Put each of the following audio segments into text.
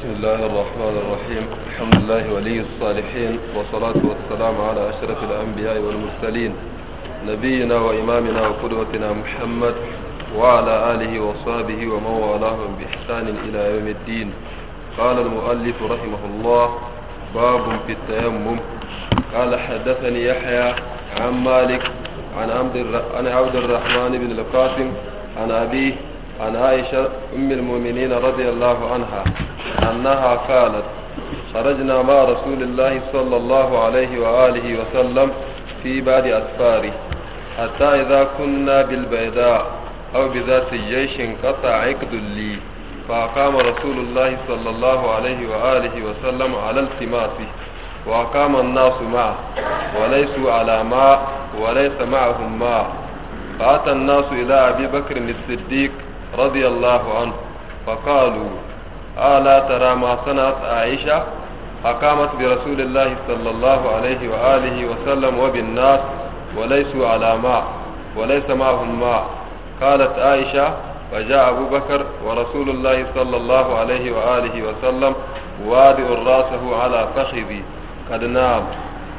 بسم الله الرحمن الرحيم الحمد لله ولي الصالحين والصلاة والسلام على أشرف الأنبياء والمرسلين نبينا وإمامنا وقدوتنا محمد وعلى آله وصحبه ومن والاه بإحسان إلى يوم الدين قال المؤلف رحمه الله باب في التيمم قال حدثني يحيى عن مالك عن عبد الرحمن بن القاسم عن أبيه عن عائشة أم المؤمنين رضي الله عنها أنها قالت خرجنا مع رسول الله صلى الله عليه وآله وسلم في بعض أسفاره حتى إذا كنا بالبيداء أو بذات الجيش انقطع عقد لي فأقام رسول الله صلى الله عليه وآله وسلم على التماسه وأقام الناس معه وليسوا على ماء وليس معهم ماء فأتى الناس إلى أبي بكر الصديق رضي الله عنه فقالوا ala tara ma sanat aisha akamat bi rasulillahi sallallahu alaihi wa alihi wa sallam wa bin nas wa laysu ala ma wa laysa ma'hum ma qalat aisha فجاء أبو بكر ورسول الله صلى الله عليه وآله وسلم وادئ رأسه على فخذي قد نام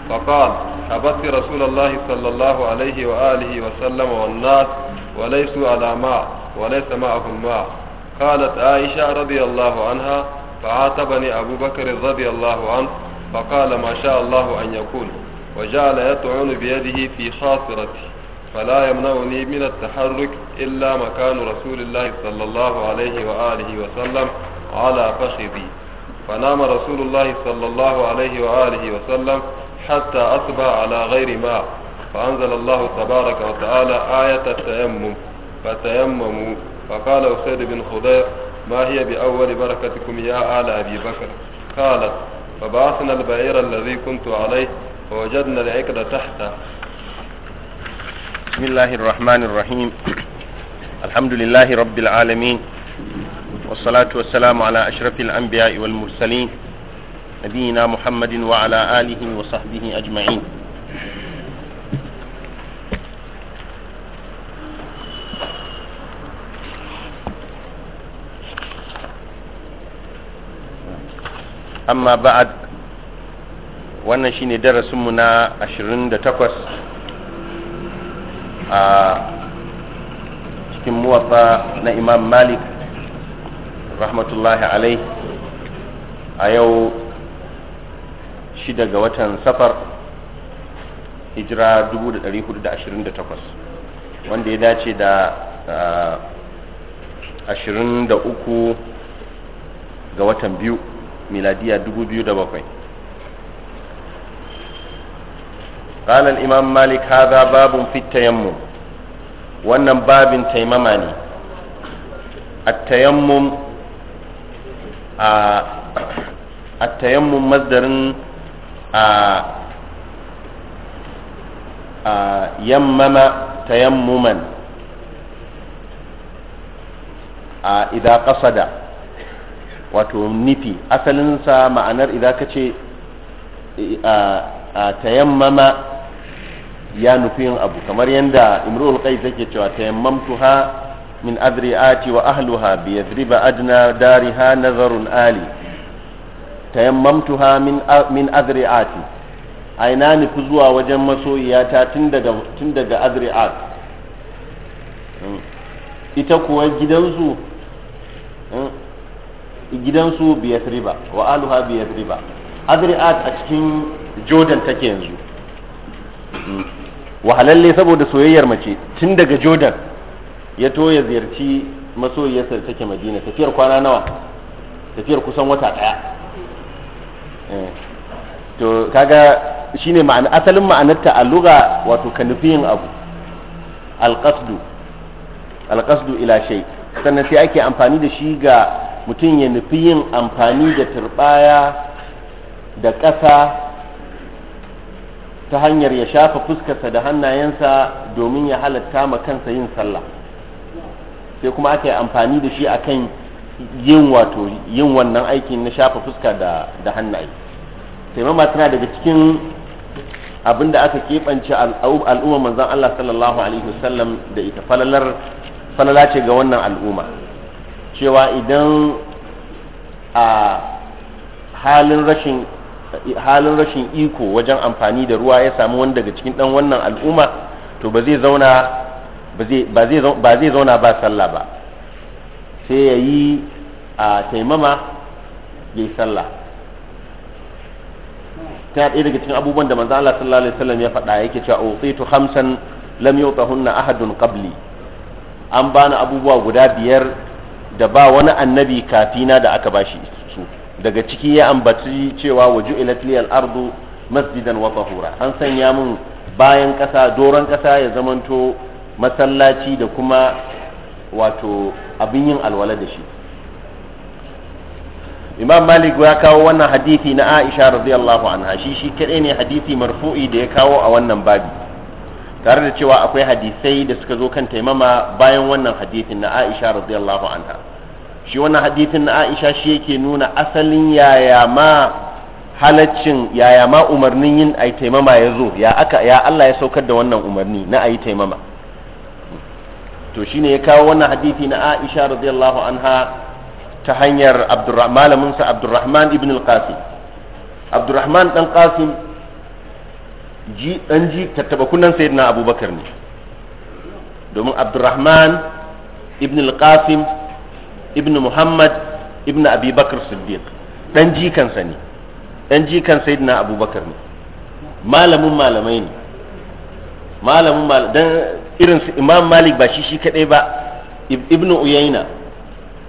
فقال حبست رسول الله صلى الله عليه وآله وسلم والناس وليسوا على ماء وليس معهم ماء قالت عائشة رضي الله عنها فعاتبني أبو بكر رضي الله عنه فقال ما شاء الله أن يكون وجعل يطعن بيده في خاصرتي فلا يمنعني من التحرك إلا مكان رسول الله صلى الله عليه وآله وسلم على فخذي فنام رسول الله صلى الله عليه وآله وسلم حتى أصبح على غير ماء فأنزل الله تبارك وتعالى آية التيمم فتيمموا فقال أخير بن خضير ما هي بأول بركتكم يا آل أبي بكر قالت فبعثنا البعير الذي كنت عليه فوجدنا العقد تحته بسم الله الرحمن الرحيم الحمد لله رب العالمين والصلاة والسلام على أشرف الأنبياء والمرسلين نبينا محمد وعلى آله وصحبه أجمعين amma ba'ad wannan shine darasinmu na 28 a cikin muwafa na imam malik rahmatullahi alai a yau shida ga watan safar hijira 1428 wanda ya dace da 23 ga watan biyu ميلاديه 2007 قال الامام مالك هذا باب في التيمم wannan babin taimama ne a tayammun mazdarin a yammama tayammuman a idaƙasa da wato nufi asalinsa ma'anar idan ka ce a tayammama ya nufi yin abu kamar yadda imrul kai take cewa tayammamtuha min adri'ati wa ahluha bi yadriba adna dariha nazarun ali tayammamtuha min min adri'ati aina nufi zuwa wajen masoyiyata tun daga tun daga adri'at hmm. ita kuwa gidansu hmm. gidansu riba wa aluha riba adri'at a cikin jordan take yanzu mm. wahalalle saboda soyayyar mace tun daga jordan ya to ya ziyarci masoyiyarsa da take madina tafiyar kwana nawa tafiyar kusan wata daya eh. to kaga shine ma'ana asalin ma'anarta a lugha wato ka yin abu alqasdu alqasdu ila shay sannan sai ake amfani da shi ga mutum ya nufi yin amfani da turɓaya da ƙasa ta hanyar ya shafa fuskarsa da hannayensa domin ya halatta ma kansa yin sallah sai kuma aka yi amfani da shi akan yin wato yin wannan aikin na shafa fuska da da hannaye taimama tana daga cikin abin da aka keɓance al'umma manzan Allah sallallahu alaihi wasallam da ita falalar falala ce ga wannan al'umma cewa idan a halin rashin halin rashin iko wajen amfani da ruwa ya samu wani daga cikin dan wannan al'umma to ba zai zauna ba zai zauna ba sallah ba sai ya yi a taimama ya yi sallah ta ɗaya daga cikin abubuwan da manzo Allah sallallahu alaihi wasallam ya faɗa yake cewa utitu khamsan lam yutahunna ahadun qabli an bani abubuwa guda biyar da ba wani annabi kafina da aka bashi su daga ciki ya ambaci cewa waju ilatli al-ardu masjidan wa tahura an sanya mun bayan ƙasa doron ƙasa ya zamanto masallaci da kuma wato abin yin alwala da shi imam malik ya kawo wannan hadisi na aisha radiyallahu anha shi shi kadai ne hadisi marfu'i da ya kawo a wannan babi tare da cewa akwai hadisai da suka zo kan taimama bayan wannan hadisin na aisha radiyallahu anha shi wannan hadithin na Aisha shi yake nuna asalin yaya ma halaccin yaya ma umarnin yin ai taimama ya zo ya aka ya Allah ya saukar da wannan umarni na ai taimama to shine ya kawo wannan hadithi na Aisha radiyallahu anha ta hanyar malaminsa sa Abdurrahman ibn al-Qasim Abdurrahman dan Qasim ji dan ji tattaba kunnan sayyidina Abubakar ne domin Abdurrahman ibn al-Qasim ibn muhammad ibn abi bakr siddiq dan jikansa ne dan jikan sayyidina abubakar ne malamin malamai ne malamin malamai dan irin su imam malik ba shi shi kadai ba ibn uyaina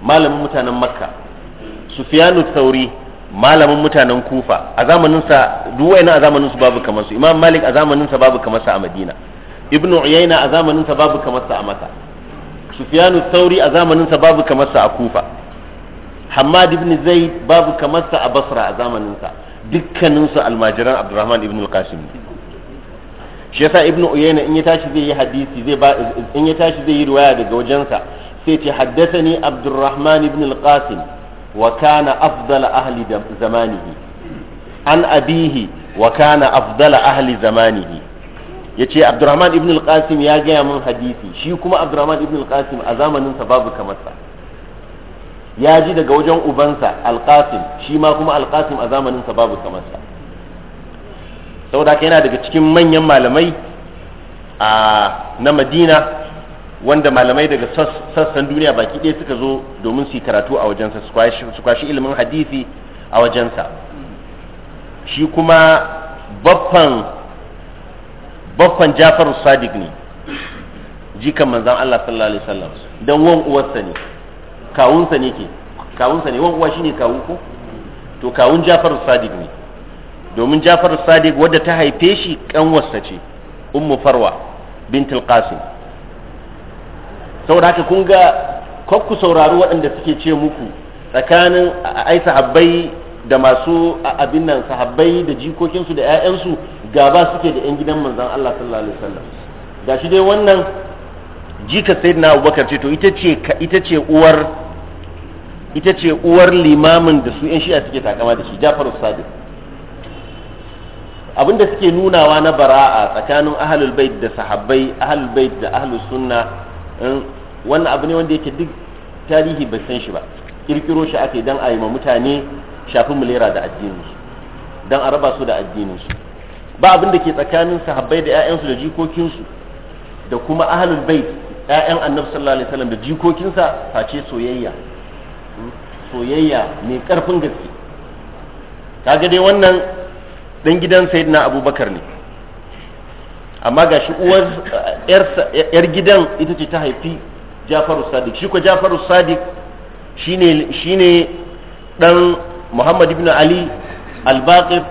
malamin mutanen makka sufyanu thauri malamin mutanen kufa a sa duk waina a zamanin su babu kamar su imam malik a zamanin sa babu kamar sa a madina ibn uyaina a zamanin sa babu kamar sa a makka sufiyanu sauri a zamanin sa babu kamar sa a kufa hammad ibn zaid babu kamar sa a basra a zamanin sa dukkanin su almajiran abdurrahman ibn al-qasim shi yasa ibn uyayna in ya tashi zai yi hadisi zai ba in ya tashi zai yi riwaya daga wajensa sai ce haddathani abdurrahman ibn al-qasim wa kana afdala ahli zamanihi an abihi wa kana afdala ahli zamanihi ya ce abdurrahman ibn al ya gaya min hadisi shi kuma abdurrahman ibn al-qasim a zamaninsa babu sa ya ji daga wajen ubansa al-qasim shi ma kuma al-qasim a zamaninsa babu sa saboda haka yana daga cikin manyan malamai a na madina wanda malamai daga sassan duniya baki ɗaya suka zo domin su yi karatu a wajensa su kwashi ilimin hadisi a wajensa shi kuma baffan baffan Jafar Sadiq ne jikan manzon Allah sallallahu alaihi wasallam dan wan uwarsa ne kawunsa ne ke kawunsa ne wan uwa shine kawun ko to kawun Jafar Sadiq ne domin Jafar Sadiq wadda ta haife shi kan wasa ce Ummu Farwa bintul Qasim saboda haka kun ga kokku saurari waɗanda suke ce muku tsakanin ai sahabbai da masu abin nan sahabbai da jikokinsu da 'ya'yansu gaba suke da yan gidan manzon Allah sallallahu alaihi wasallam shi dai wannan jika na Abubakar ce to ita ce uwar limamin da su yan shi'a suke takama da shi Ja'far sadiq abinda suke nunawa na bara'a tsakanin ahlul bait da sahabbai ahlul bait da ahlus sunna eh, wannan abu ne wanda yake duk tarihi ba san shi ba kirkiro shi ake dan a yi ma mutane shafin mulera da addininsu dan a raba su da su ba abin da ke tsakanin sahabbai da 'ya'yansu da jikokinsu da kuma ahlul bait 'ya'yan annabi sallallahu alaihi wasallam da jikokinsa face soyayya hmm? soyayya mai karfin gaske kaga dai wannan dan gidan sayyidina abubakar ne amma ga shi uwar yar gidan ita ce ta haifi jafaru sadiq shi ko jafaru sadiq shine shine dan muhammad ibn ali al-baqir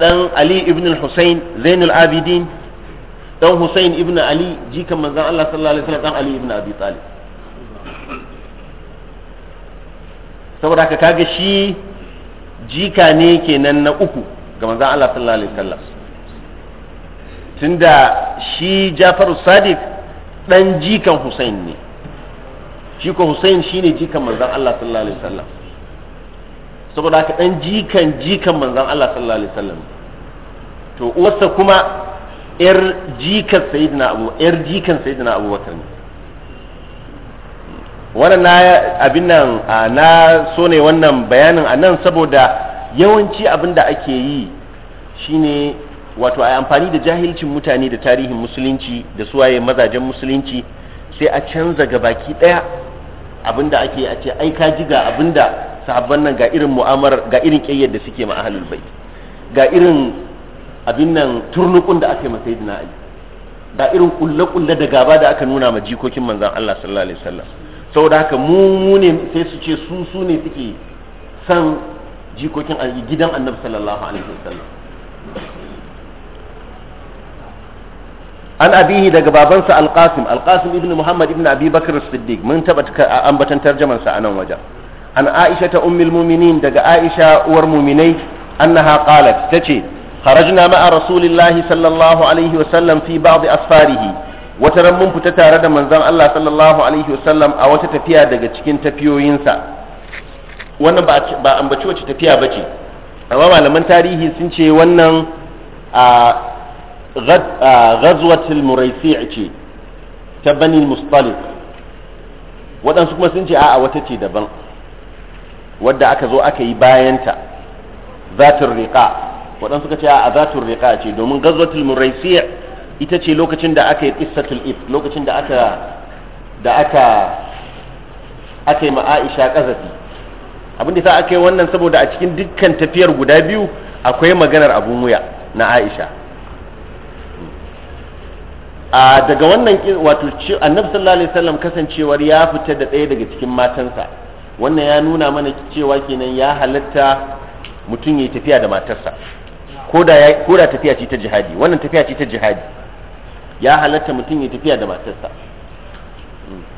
dan Ali ibn Hussein Zainul Abidin dan Hussein ibn Ali jikan manzon Allah sallallahu alaihi wasallam dan Ali ibn Abi Talib saboda haka kaga shi jika ne kenan na uku ga manzon Allah sallallahu alaihi wasallam tunda shi Jafaru Sadiq dan jikan Hussein ne shi ko Hussein shine jikan manzon Allah sallallahu alaihi wasallam saboda haka dan jikan jikan manzon Allah sallallahu alaihi wasallam to uwarsa kuma yar jikan sayyidina Abu yar jikan sayyidina Abu Bakar wannan na abin nan na so ne wannan bayanin a nan saboda yawanci abin da ake yi shine wato a amfani da jahilcin mutane da tarihin musulunci da suwaye mazajen musulunci sai a canza gabaki daya abin ake a ce ai ka ji ga sahabban nan ga irin mu'amalar ga irin kiyayyar da suke ma ahlul bait ga irin abin nan turnukun da aka yi masa sayyidina ali ga irin kulle kulle da gaba da aka nuna ma jikokin manzon Allah sallallahu alaihi wasallam saboda haka mu mu ne sai su ce su su ne suke san jikokin gidan annabi sallallahu alaihi wasallam an abihi daga babansa alqasim alqasim ibn muhammad ibn abi bakr as-siddiq mun an ambatan tarjaman sa anan wajen an aisha ta ummul mu'minin daga aisha uwar mu'minai annaha qalat tace kharajna ma'a rasulillahi sallallahu alaihi wa sallam fi ba'd asfarihi wata ran mun fita tare da manzon Allah sallallahu alaihi wa sallam a wata tafiya daga cikin tafiyoyinsa wannan ba ambaci wace tafiya bace amma malaman tarihi sun ce wannan a ghazwatul muraisi' ce ta bani mustalif waɗansu kuma sun ce a'a wata ce daban wadda aka zo aka yi bayanta zatul riqa wadan suka ce a zatul riqa ce domin ghazwatul muraisi' ita ce lokacin da aka yi qissatul if lokacin da aka da aka aka yi ma Aisha kazafi abinda sa aka yi wannan saboda a cikin dukkan tafiyar guda biyu akwai maganar abun wuya na Aisha a daga wannan wato annabi sallallahu alaihi wasallam kasancewar ya fita da ɗaya daga cikin matansa wannan ya nuna mana cewa kenan ya halatta mutum ya tafiya da matarsa ko da tafiya ce ta jihadi wannan tafiya ce ta jihadi ya halatta mutum ya tafiya da matarsa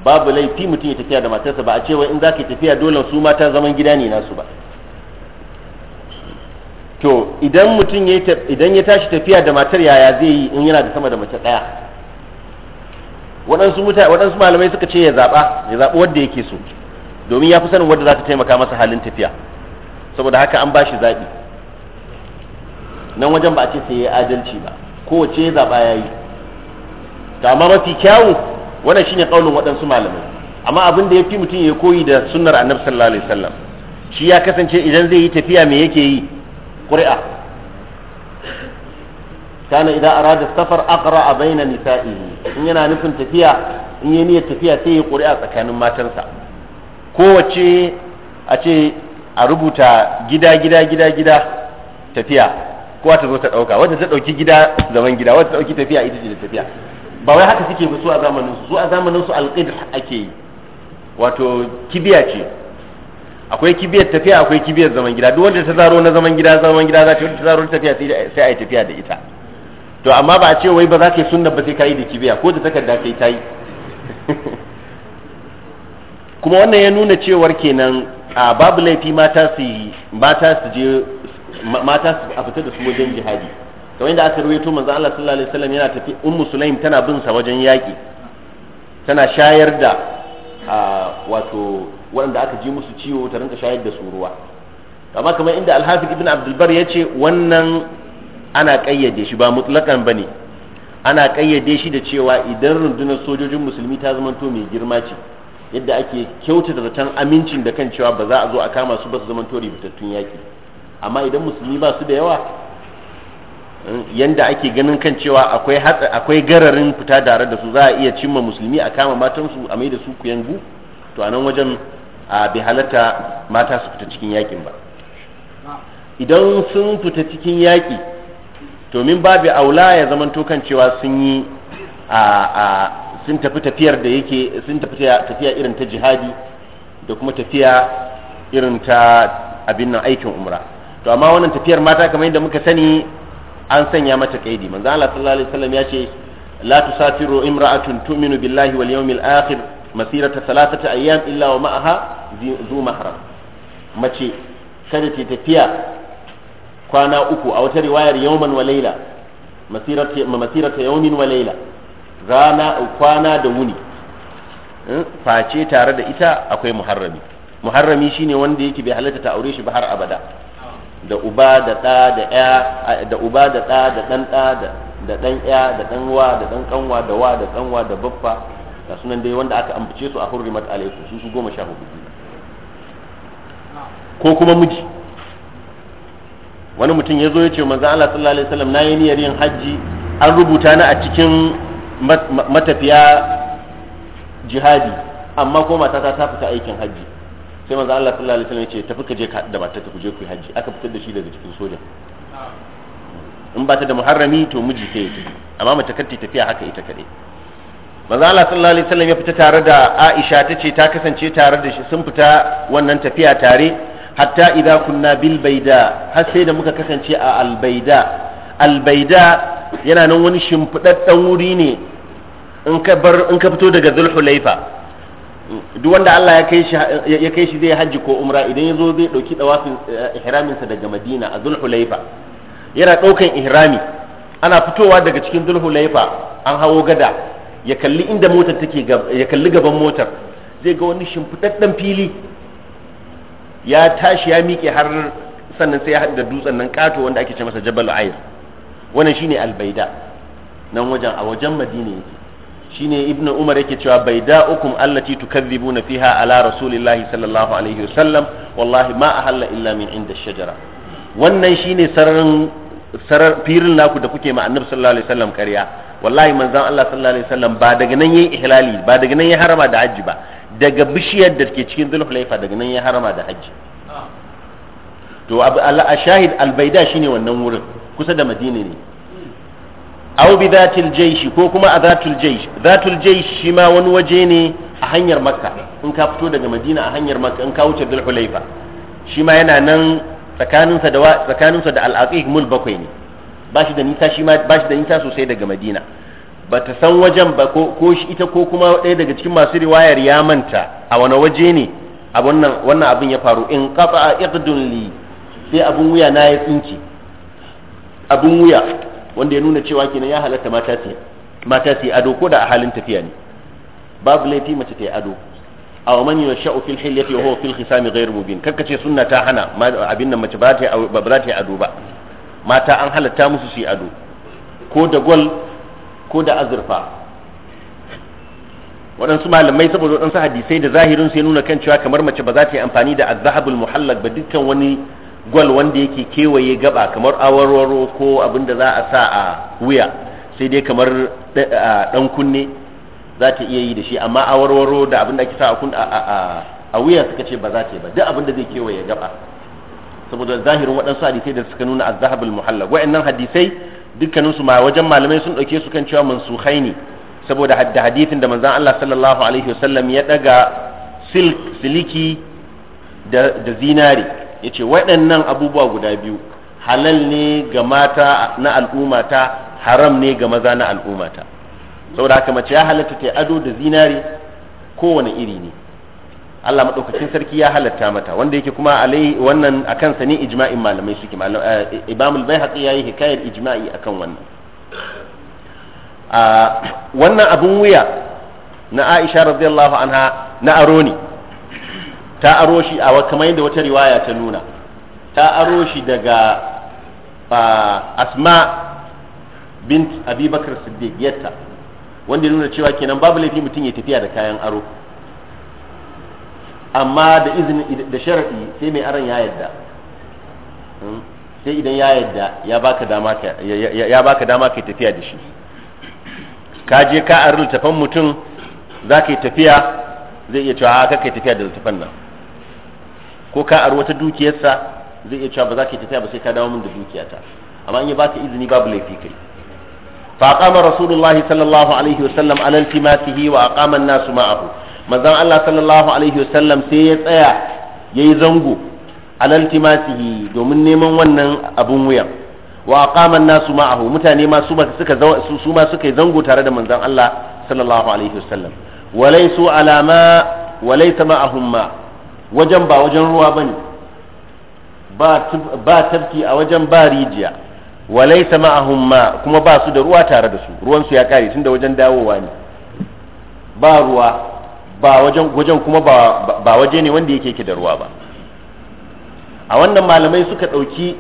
babu laifi mutum ya tafiya da matarsa ba a cewa in za ka tafiya dole su mata zaman gida ne nasu ba to idan mutum idan ya tashi tafiya da matar yaya zai yi in yana da sama da mace ɗaya waɗansu malamai suka ce ya zaɓa ya zaɓi wanda yake so domin ya fi sanin wadda za ta taimaka masa halin tafiya saboda haka an ba shi zaɓi nan wajen ba a ce sai ya yi adalci ba kowace ya zaɓa ya yi ta amma mafi kyawu wannan shine ƙaunin waɗansu malamai amma abin da ya fi mutum ya koyi da sunnar annabi sallallahu alaihi wasallam shi ya kasance idan zai yi tafiya me yake yi ƙuri'a kana idan arada safar aqra baina nisa'i in yana nufin tafiya in yi niyyar tafiya sai ya ƙuri'a tsakanin matansa kowace a ce a rubuta gida gida gida gida tafiya kowa ta zo ta ɗauka wanda ta ɗauki gida zaman gida wanda ta ɗauki tafiya ita ce da tafiya ba wai haka suke ba su a zamanin su a zamanin su alqid ake yi wato kibiya ce akwai kibiyar tafiya akwai kibiyar zaman gida duk wanda ta zaro na zaman gida zaman gida za ta wanda ta zaro na tafiya sai a yi tafiya da ita to amma ba a ce wai ba za ka yi sunna ba sai ka yi da kibiya ko da takarda kai ta yi kuma wannan ya nuna cewar kenan a babu laifi mata su mata su je mata su a fita da su wajen jihadi kamar yadda aka rawaito manzo Allah sallallahu alaihi wasallam yana tafi ummu sulaim tana bin sa wajen yaki tana shayar da wato waɗanda aka ji musu ciwo ta rinka shayar da su ruwa amma kamar inda alhafiz ibn abdulbar ya ce wannan ana kayyade shi ba mutlakan bane ana kayyade shi da cewa idan rundunar sojojin musulmi ta to mai girma ce yadda ake kyautata zaton amincin da kan cewa ba za a zo a kama su ba su zaman tori fitattun yaƙi amma idan musulmi ba su da yawa eh, yadda ake ganin kan cewa akwai akwai gararin fita tare da su za a iya cimma musulmi a kama matansu a mai da su kuyangu to a nan wajen a bai halatta mata su fita cikin yaƙin ba idan sun fita cikin yaƙi to min babu aula ya zamanto kan cewa sun yi a sun tafi tafiyar da yake sun tafi tafiya irin ta jihadi da kuma tafiya irin ta abin nan aikin umra to amma wannan tafiyar mata kamar yadda muka sani an sanya mata kaidi manzo Allah sallallahu alaihi wasallam ya ce la tusafiru imra'atun tu'minu billahi wal yawmil akhir masirata thalathata ayyam illa wa ma'aha zu mahram mace kada ta tafiya kwana uku a wata riwayar yawman wa layla masirata masirata yawmin wa layla rana kwana da wuni hmm? face tare da ita akwai muharrami muharrami shine wanda yake bai halatta ta aure shi ba har abada da uba da ɗa da ya da uba da ɗa da ɗan ɗa da ɗan ya da ɗan wa da ɗan kanwa da wa da kanwa da baffa ga sunan dai wanda aka ambace su a hurrimat alaikum su su goma sha hudu ko kuma miji wani mutum ya zo ya ce manzo Allah sallallahu alaihi wasallam na yi niyyar yin hajji an rubuta ni a cikin matafiya jihadi amma ko matata ta fita aikin hajji sai manzo Allah sallallahu alaihi wasallam ya ce tafi ka je ka da matarka ku je ku yi hajji aka fitar da shi daga cikin soja in ba ta da muharrami to miji sai ya tafi amma mace kar ta tafiya haka ita kadai manzo Allah sallallahu alaihi wasallam ya fita tare da Aisha tace ta kasance tare da shi sun fita wannan tafiya tare hatta idza kunna bil baida har sai da muka kasance a al baida albaida yana nan wani shimfiɗaɗɗen wuri ne in ka bar in ka fito daga zulhulaifa duk wanda Allah ya kai shi ya kai zai hajji ko umra idan ya zo zai dauki dawafin eh, ihraminsa daga Madina a zulhulaifa yana ɗaukan ihrami ana fitowa daga cikin zulhulaifa an hawo gada ya kalli inda motar take ya kalli gaban motar zai ga wani shimfiɗaɗɗen fili ya tashi ya miƙe har sannan sai ya haɗu da dutsen nan ƙato wanda ake ce masa jabal ayir wannan shine albaida nan wajen a wajen madina yake shine ibnu umar yake cewa baida ukum allati tukadhibuna fiha ala rasulillahi sallallahu alaihi wasallam wallahi ma ahalla illa min inda shajara wannan shine sararin sarar firin naku da kuke ma annabi sallallahu alaihi wasallam ƙarya wallahi manzon Allah sallallahu alaihi wasallam ba daga nan yayi ihlali ba daga nan yayi harama da hajji ba daga bishiyar da ke cikin zulhulaifa daga nan yayi harama da hajji ah. to abu al shahid al baida shine wannan wurin kusa da madina ne aw bi zatil jaysh ko kuma a zatul jaish zatul jaysh shi ma wani waje ne a hanyar makka in ka fito daga madina a hanyar makka in ka wuce dal hulaifa shi ma yana nan tsakaninsa da tsakaninsa da al-aqiq mul bakwai ne ba shi da nisa shi ma bashi da nisa sosai daga madina ba ta san wajen ba ko shi ita ko kuma ɗaya daga cikin masu riwayar ya manta a wani waje ne a wannan wannan abin ya faru in qata iqdun li sai abun wuya na ya tsinci abin wuya wanda ya nuna cewa kenan ya halatta mata su mata su ado ko da a halin tafiya ne babu laifi mace ta yi ado a wa man yasha'u fil hilyati wa huwa fil khisam ghayr mubin karka ce sunna ta hana abin nan mace ba ta ba za ta yi ado ba mata an halatta musu su yi ado ko da gol ko da azurfa waɗansu malamai saboda waɗansu hadisai da zahirin su ya nuna kan cewa kamar mace ba za ta yi amfani da azhabul muhallaq ba dukkan wani gwal wanda yake kewaye gaba kamar awarwaro ko abin da za a sa a wuya sai dai kamar dan kunne za ta iya yi da shi amma awarwaro da abin da ake sa a wuya suka ce ba za ta yi ba duk abin da zai kewaye gaba saboda zahirin waɗansu hadisai da suka nuna azhabul muhalla wa'annan hadisai dukkaninsu ma wajen malamai sun ɗauke su kan cewa mansukhai ne saboda hadda hadisin da manzon Allah sallallahu alaihi wasallam ya daga siliki da zinari ya ce waɗannan abubuwa guda biyu halal ne ga mata na al'ummata haram ne ga maza na al'ummata saboda haka mace ya halatta ta ado da zinare kowane iri ne Allah madaukakin sarki ya halatta mata wanda yake kuma alai wannan akan sa ne ijma'in malamai suke eh, Imam baihaqi yayi hikayar ijma'i akan wannan a ah, wannan abun wuya na Aisha radiyallahu anha na aro ne ta aro shi a kamar yadda wata riwaya ta nuna ta aro shi daga asma bint abubakar siddiq yatta wanda ya nuna cewa kenan babu laifi mutum ya tafiya da kayan aro amma da izini da sharafi sai mai aron ya yadda hmm? sai idan ya yadda ya baka dama ka ya baka dama ka tafiya da shi ka je ka aro littafan mutum za ka yi tafiya zai iya cewa haka ka yi tafiya da littafan nan ko ka aro wata dukiyarsa zai iya cewa ba za ka yi tafiya ba sai ka dawo min da dukiyata amma in ya baka izini babu laifi kai fa aqama rasulullahi sallallahu alaihi wasallam ala iltimasihi wa aqama an-nasu ma'ahu manzon Allah sallallahu alaihi wasallam sai ya tsaya yayi zango ala iltimasihi domin neman wannan abun wuyan wa aqama an-nasu ma'ahu mutane ma su suka su ma yi zango tare da manzon Allah sallallahu alaihi wasallam walaysu wajen ba wajen ruwa bane ba tafki a wajen ba rijiya walai ma'ahum ma kuma ba su da ruwa tare da su ruwan su ya kare tunda wajen dawowa ne ba ruwa ba wajen wajen kuma ba waje ne wanda yake yake da ruwa ba a wannan malamai suka ɗauki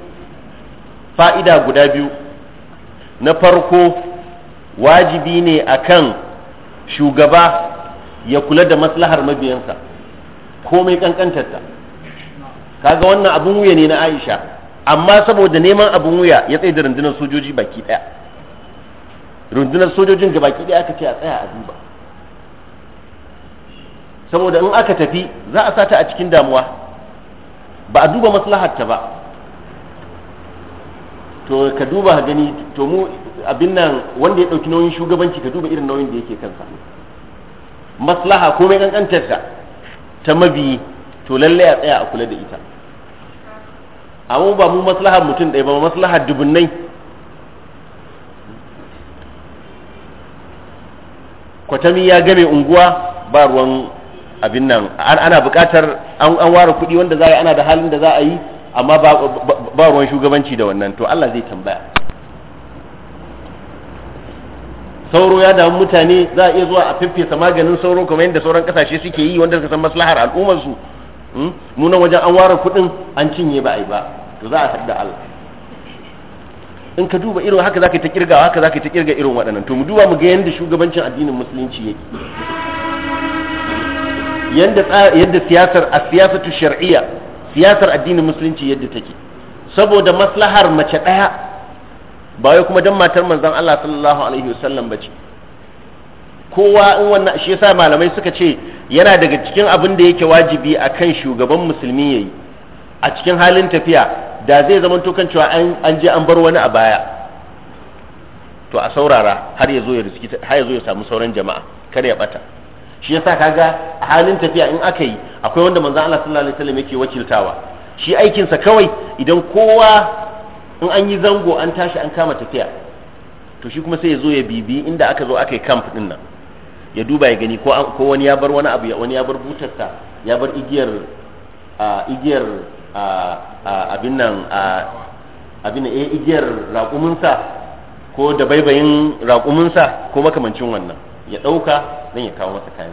fa'ida guda biyu na farko wajibi ne akan shugaba ya kula da maslahar mabiyansa komai kankantarta kaga wannan abun wuya ne na Aisha amma saboda neman abun wuya ya tsaye da rundunar sojoji baki daya rundunar sojojin ga baki daya aka ce a tsaya a duba saboda in aka tafi za a sata a cikin damuwa ba a duba ta ba to ka duba gani to mu abin nan wanda ya dauki nauyin shugabanci ka duba irin nauyin da yake kansa maslaha komai kankantarta ta mabiyi to lalle a tsaya a kula da ita amma ba mu maslahar mutum ɗaya ba maslahar dubunnai kwatami ya game unguwa ba ruwan abin nan ana buƙatar an ware kuɗi wanda za a yi ana da halin da za a yi amma ba ruwan shugabanci da wannan to Allah zai tambaya sauro ya damu mutane za a iya zuwa a fiffesa maganin sauro kamar yadda sauran kasashe suke yi wanda suka san maslahar al'ummar su hmm? mu nan wajen an ware kuɗin an cinye ba a yi ba to za a haɗu da Allah in ka duba irin haka zaka ta kirga haka zaka ta kirga irin waɗannan to mu duba mu ga yadda shugabancin addinin musulunci yake yadda yadda siyasar a siyasatu shar'iyya siyasar addinin musulunci yadda take saboda maslahar mace ɗaya ba kuma dan matar manzon Allah sallallahu alaihi wasallam bace kowa in wannan shi yasa malamai suka ce yana daga cikin abin da yake wajibi akan shugaban musulmi yayi a cikin halin tafiya da zai zama to kan cewa an je an bar wani a baya to a saurara har ya ya riski har yazo ya samu sauran jama'a kar ya bata shi yasa kaga a halin tafiya in aka yi akwai wanda manzon Allah sallallahu alaihi wasallam yake wakiltawa shi aikinsa kawai idan kowa in an yi zango an tashi an kama tafiya to shi kuma sai ya zo ya bibi inda aka zo aka yi camp din nan ya duba ya gani ko wani ya bar wani abu wani ya bar butarsa ya bar igiyar igiyar abin nan abin nan eh, igiyar raƙuminsa ko da baibayin raƙuminsa ko makamancin wannan ya ɗauka zan ya kawo masa kayan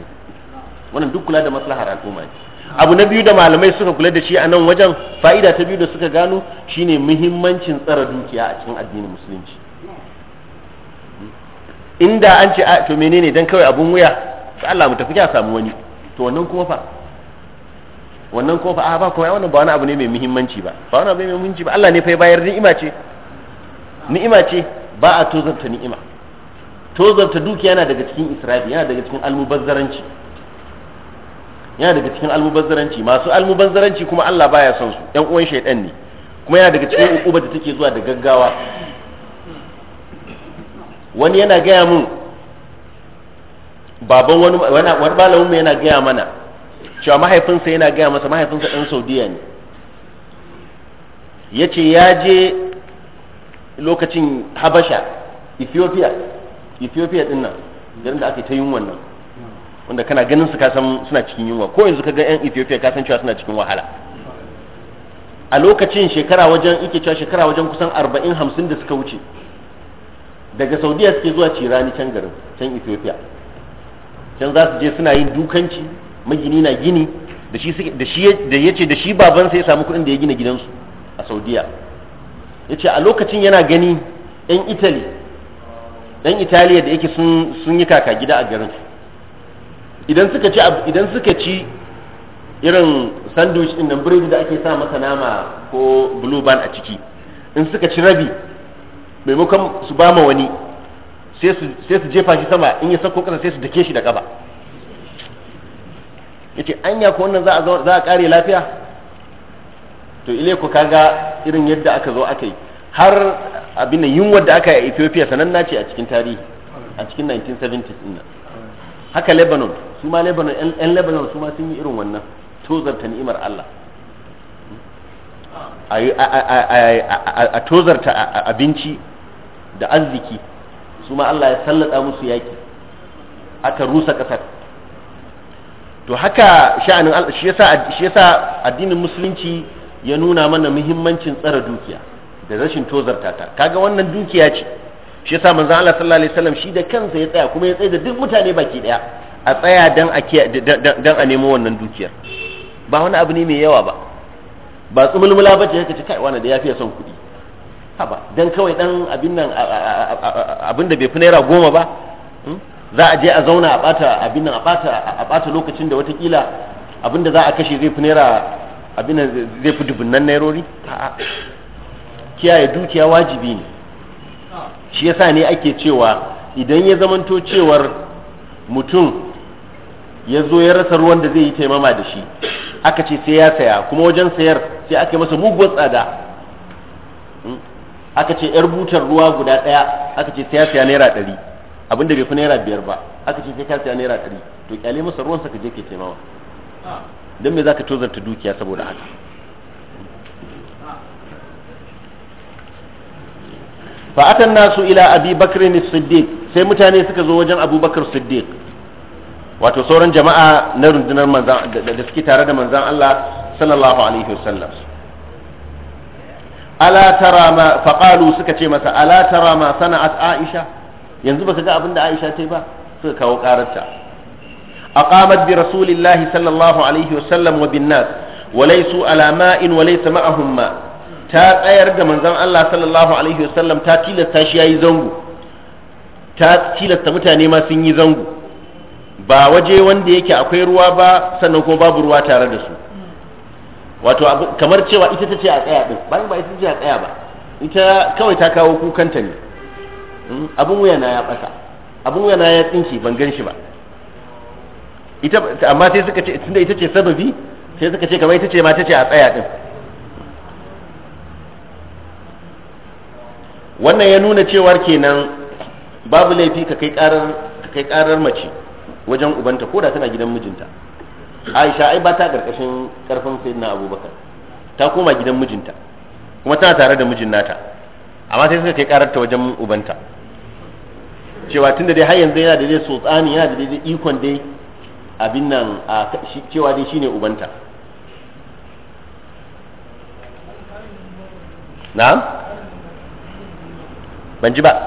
wannan duk kula da maslahar al'umma ne abu na biyu da malamai suka kula da shi a nan wajen fa'ida ta biyu da suka gano shine muhimmancin tsara dukiya a cikin addinin musulunci inda an ce a to menene dan kawai abun wuya sai Allah mu tafi ya samu wani to wannan kuma fa wannan kuma fa a ba kuma wannan ba wani abu ne mai muhimmanci ba ba wani abu ne mai muhimmanci ba Allah ne fa ya bayar ni'ima ce ni'ima ce ba a tozarta ni'ima tozarta dukiya yana daga cikin israfi yana daga cikin almubazzaranci yana daga cikin almubazzaranci masu almubazzaranci kuma Allah baya son su ɗan uwan shaidan ne kuma yana daga cikin ukuba da take zuwa da gaggawa wani yana gaya mun baban wani wani malamin mu yana gaya mana cewa mahaifinsa yana gaya masa mahaifinsa ɗan Saudiya ne yace ya je lokacin Habasha Ethiopia Ethiopia dinnan nan garin da aka ta yin wannan wanda kana ganin su kasan suna cikin yunwa ko yanzu ka ga yan Ethiopia kasan cewa suna cikin wahala a lokacin shekara wajen ike cewa shekara wajen kusan 40 50 da suka wuce daga Saudiya suke zuwa cirani can garin can Ethiopia can za su je suna yin dukanci magini na gini da shi da shi da yace da shi babansa ya samu kuɗin da ya gina gidansu a Saudiya yace a lokacin yana gani yan Italy dan Italiya da yake sun sun yi kaka gida a garin idan suka ci idan suka ci irin sandwich din nan biredi da ake sa masa nama ko blue band a ciki in suka ci rabi maimakon su ba ma wani sai su jefa shi sama in ya sako kasa sai su dake shi da kafa yace anya ko wannan za a kare lafiya to ile ku kaga irin yadda aka zo aka yi har abin yunwar da aka yi a Ethiopia sanan ce a cikin tarihi a cikin 1970s din nan haka lebanon su ma lebanon yan lebanon su ma sun yi irin wannan tozarta ni'imar allah a tozarta abinci da arziki su ma allah ya sallata musu yaki aka rusa kasar to haka sha'anin shi yasa shi addinin musulunci ya nuna mana muhimmancin tsara dukiya da rashin tozarta ta kaga wannan dukiya ce shi yasa manzon Allah sallallahu alaihi wasallam shi da kansa ya tsaya kuma ya tsaya da duk mutane baki daya a tsaya dan a dan a nemo wannan dukiyar ba wani abu ne mai yawa ba ba tsumulmula ba ce kace kai wani da yafi son kuɗi haba dan kawai dan abin nan abin da bai fi naira goma ba hmm, za a je a zauna a bata abin nan a bata a bata lokacin da watakila abin da za a kashe zai fi naira abin nan zai fi dubunnan nairori a'a kiyaye dukiya wajibi ne shi yasa ne ake cewa idan ya zamanto cewar mutum ya zo ya rasa ruwan da zai yi taimama da shi aka ce sai ya saya kuma wajen sayar sai aka yi masa muguwar tsada hmm? aka ce yar butar ruwa guda ɗaya aka ce sai ya saya naira ɗari abin da bai fi naira biyar ba aka ce sai ka saya naira ɗari to kyale masa ruwan sa ka je ke taimama ah. don me za ka tozarta dukiya saboda haka Fa'atan nasu ila abi bakr siddiq sai mutane suka zo wajen abubakar siddiq wato sauran jama'a na rundunar manzan da suke tare da manzan Allah sallallahu alaihi wasallam ala tara ma faqalu suka ce masa ala tara ma sana'at aisha yanzu baka ga abin da aisha ta yi ba suka kawo karanta aqamat bi rasulillahi sallallahu alaihi wasallam wa bin nas wa laysu ala ma'in wa laysa ma'ahum ma' ta tsayar da manzon Allah sallallahu alaihi wasallam ta tilasta shi yayi zango ta tilasta mutane ma sun yi zango ba waje wanda yake akwai ruwa ba sannan kuma babu ruwa tare da su wato kamar cewa ita ta ce a tsaya din bayan ba ita ce a tsaya ba ita kawai ta kawo kukanta ne hmm, abin wuya na ya ɓata abin wuya na ya tsinci ban gan shi ba ita amma sai suka ce tunda ita ce sababi sai suka ce kamar ita ce ma ta ce a tsaya din wannan ya nuna cewar kenan babu laifi ka kai karar ka kai karar mace wajen ubanta ko da tana gidan mijinta Aisha ai ba ta karkashin karfin sayyidina Abubakar ta koma gidan mijinta kuma tana tare da mijin nata amma sai suka kai karar ta wajen ubanta cewa tunda dai har yanzu yana da dai sotsani yana da dai ikon dai abin nan a cewa dai shine ubanta na'am Ban ji ba. Ba'a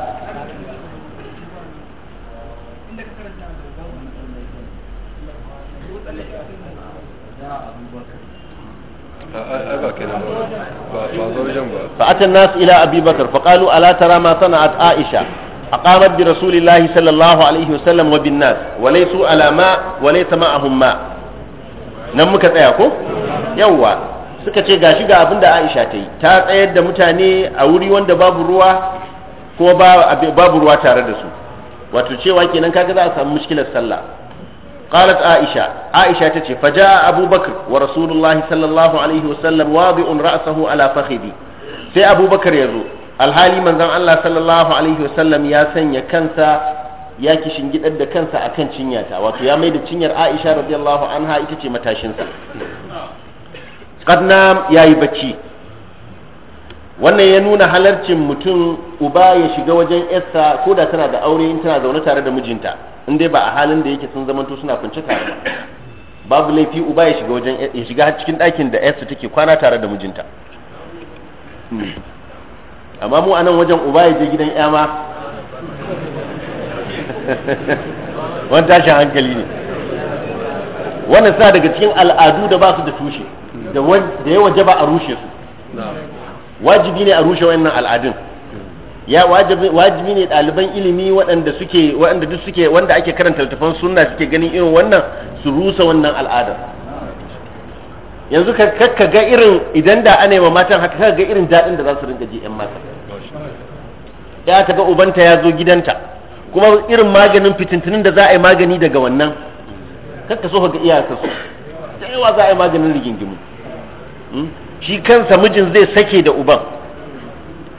can na su illa Habiba Tarka. Baƙarhu a latara ma sana'ar Aisha a ƙara bira sulaIlahi sallallahu alaihi wa sallam mu bin nas, wale su alama wale sama a umma. Nan mu tsaya ko? Yau Suka ce gashi ga abin da Aisha tayi Ta tsayar da mutane a wuri wanda babu ruwa. kuma babu ruwa tare da su wato cewa kenan kaga za a samu mushkilar sallah قالت عائشة عائشة تتي فجاء أبو بكر ورسول الله صلى الله عليه وسلم واضع رأسه على فخذي سي أبو بكر يزو الحالي من ذن الله صلى الله عليه وسلم يا سن يكنسا يا كشن جد أدى كنسا أكن شنياتا وفي يا ميد شنير عائشة رضي الله عنها إتتي متاشنسا قد نام يا يبتشي wannan ya nuna halarcin mutum uba ya shiga wajen yarsa ko da tana da aure in tana zaune tare da mijinta in dai ba a halin da yake sun zamanto suna kunce tare ba babu laifi uba ya shiga wajen ya shiga cikin ɗakin da yarsa take kwana tare da mijinta amma mu anan wajen uba ya je gidan ya ma wani tashin hankali ne wannan sa daga cikin al'adu da ba su da tushe da yawa jaba a rushe su wajibi ne a rushe wannan al'adun ya wajibi ne ɗaliban ilimi waɗanda suke waɗanda duk suke wanda ake karanta littafan sunna suke ganin irin wannan su rusa wannan al'adar yanzu ka ga irin idan da ana yawa matan haka ka ga irin daɗin da za su rinka ji 'yan mata ya ta ga ubanta ya zo gidanta kuma irin maganin fitintunin da za a yi magani daga wannan kakka so ka ga iyakarsu da yawa za a yi maganin rigingimu hmm? shi kansa mijin zai sake da uban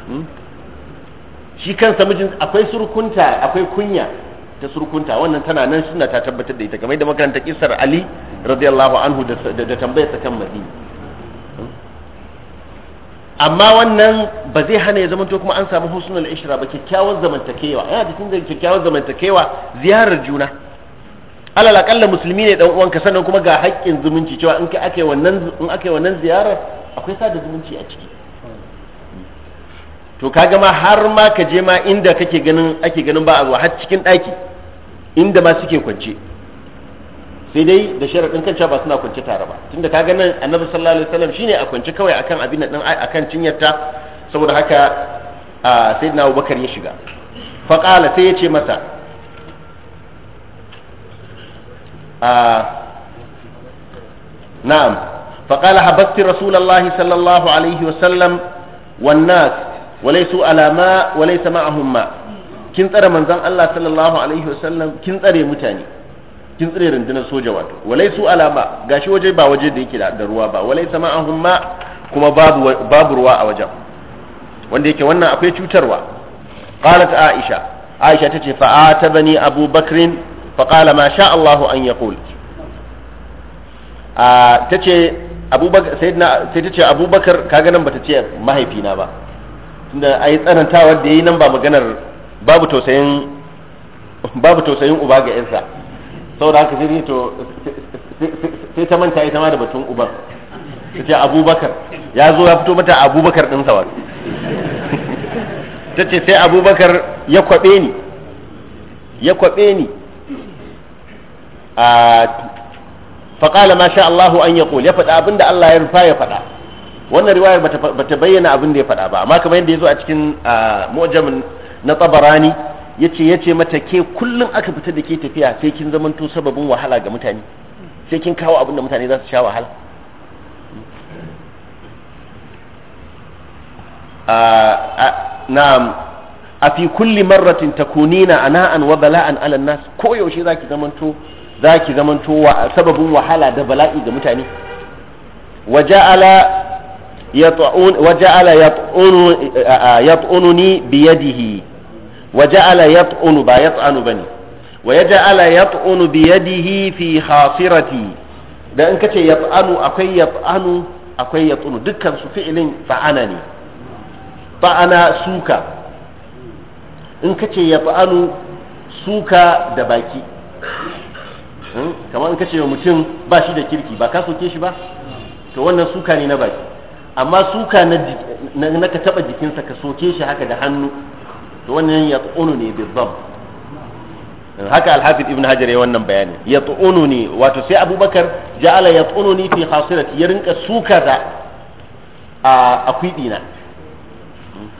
hmm? shi kansa mijin akwai surkunta akwai kunya ta surkunta wannan tana nan suna ta tabbatar da ita kamar da makarantar kisar ali radiyallahu anhu da tambayar ta kan madini hmm? amma wannan ba zai hana ya zamanto kuma an samu husnul ishra ba kyakkyawan zamantakewa yana da cikin kyakkyawan zamantakewa ziyarar juna alal akalla musulmi ne dan uwanka sannan kuma ga haƙƙin zumunci cewa in ka ake wannan in ake wannan ziyarar akwai sada zumunci a ciki to kaga ma har ma ka je ma inda kake ganin ake ganin ba a zuwa har cikin ɗaki inda ma suke kwance sai dai da sharaɗin kanta ba suna kwance tare ba tunda kaga nan annabi sallallahu alaihi wasallam shine a kwance kawai akan abin nan akan cinyarta saboda haka sayyidina Abubakar ya shiga fa qala sai ya ce masa a na'am فقال حبست رسول الله صلى الله عليه وسلم والناس وليسوا على ماء وليس معهم ماء kin tsare manzon Allah sallallahu alaihi wasallam kin tsare mutane kin tsare rundunar soja wato walaisu alama gashi waje ba waje da yake da ruwa ba walaisa ma'ahum ma kuma babu ruwa a wajen wanda yake wannan akwai cutarwa qalat aisha aisha tace fa atabani abu bakrin fa qala ma Allahu an yaqul tace sai ta ce abubakar kaga nan bata ce mahaifina ba tunda a yi tsanantawa da yi nan ba maganar babu tausayin uba ga yansa da haka sai to sai ta manta ita ma da batun uban ta ce abubakar ya zo ya fito mata abubakar ɗinsa sawa ta ce sai abubakar ya kwaɓe ni ya kwaɓe ni a faqala ma sha Allahu an ya ya faɗa abinda Allah ya rufa ya faɗa wannan riwayar bata bayyana abin da ya faɗa ba amma kamar yadda ya zo a cikin mujamin na tabarani yace ce mata ke kullum aka fita da ke tafiya sai kin zamanto sababin wahala ga mutane sai kin kawo abin da mutane za su sha wahala na a fi kulli marratin takunina ana'an wa bala'an alannas koyaushe koyaushe ki zamanto za ki a sababin wahala da bala'i ga mutane waja'ala yat'un waja'ala yat'un yat'ununi waje yadihi waja'ala yat'unu ba yat'anu bane waja'ala yat'unu bi biyadihi fi hasirati da in kace yat'anu akwai yat'anu akwai yat'unu dukkan su fi'ilin fa'ana ne fa'ana suka in kace yat'anu suka da baki Hmm? kamar in ka ce mutum ba shi da kirki ba ka soke shi ba to wannan suka ne na baki amma suka na ka taba jikinsa ka soke shi haka da hannu to wannan ya tsonu ne bizzam haka alhafiz ibn hajar ya wannan bayani ya tsonu ne wato sai abubakar ja'ala ya tsonu ne fi hasirati ya rinka suka da a kwidina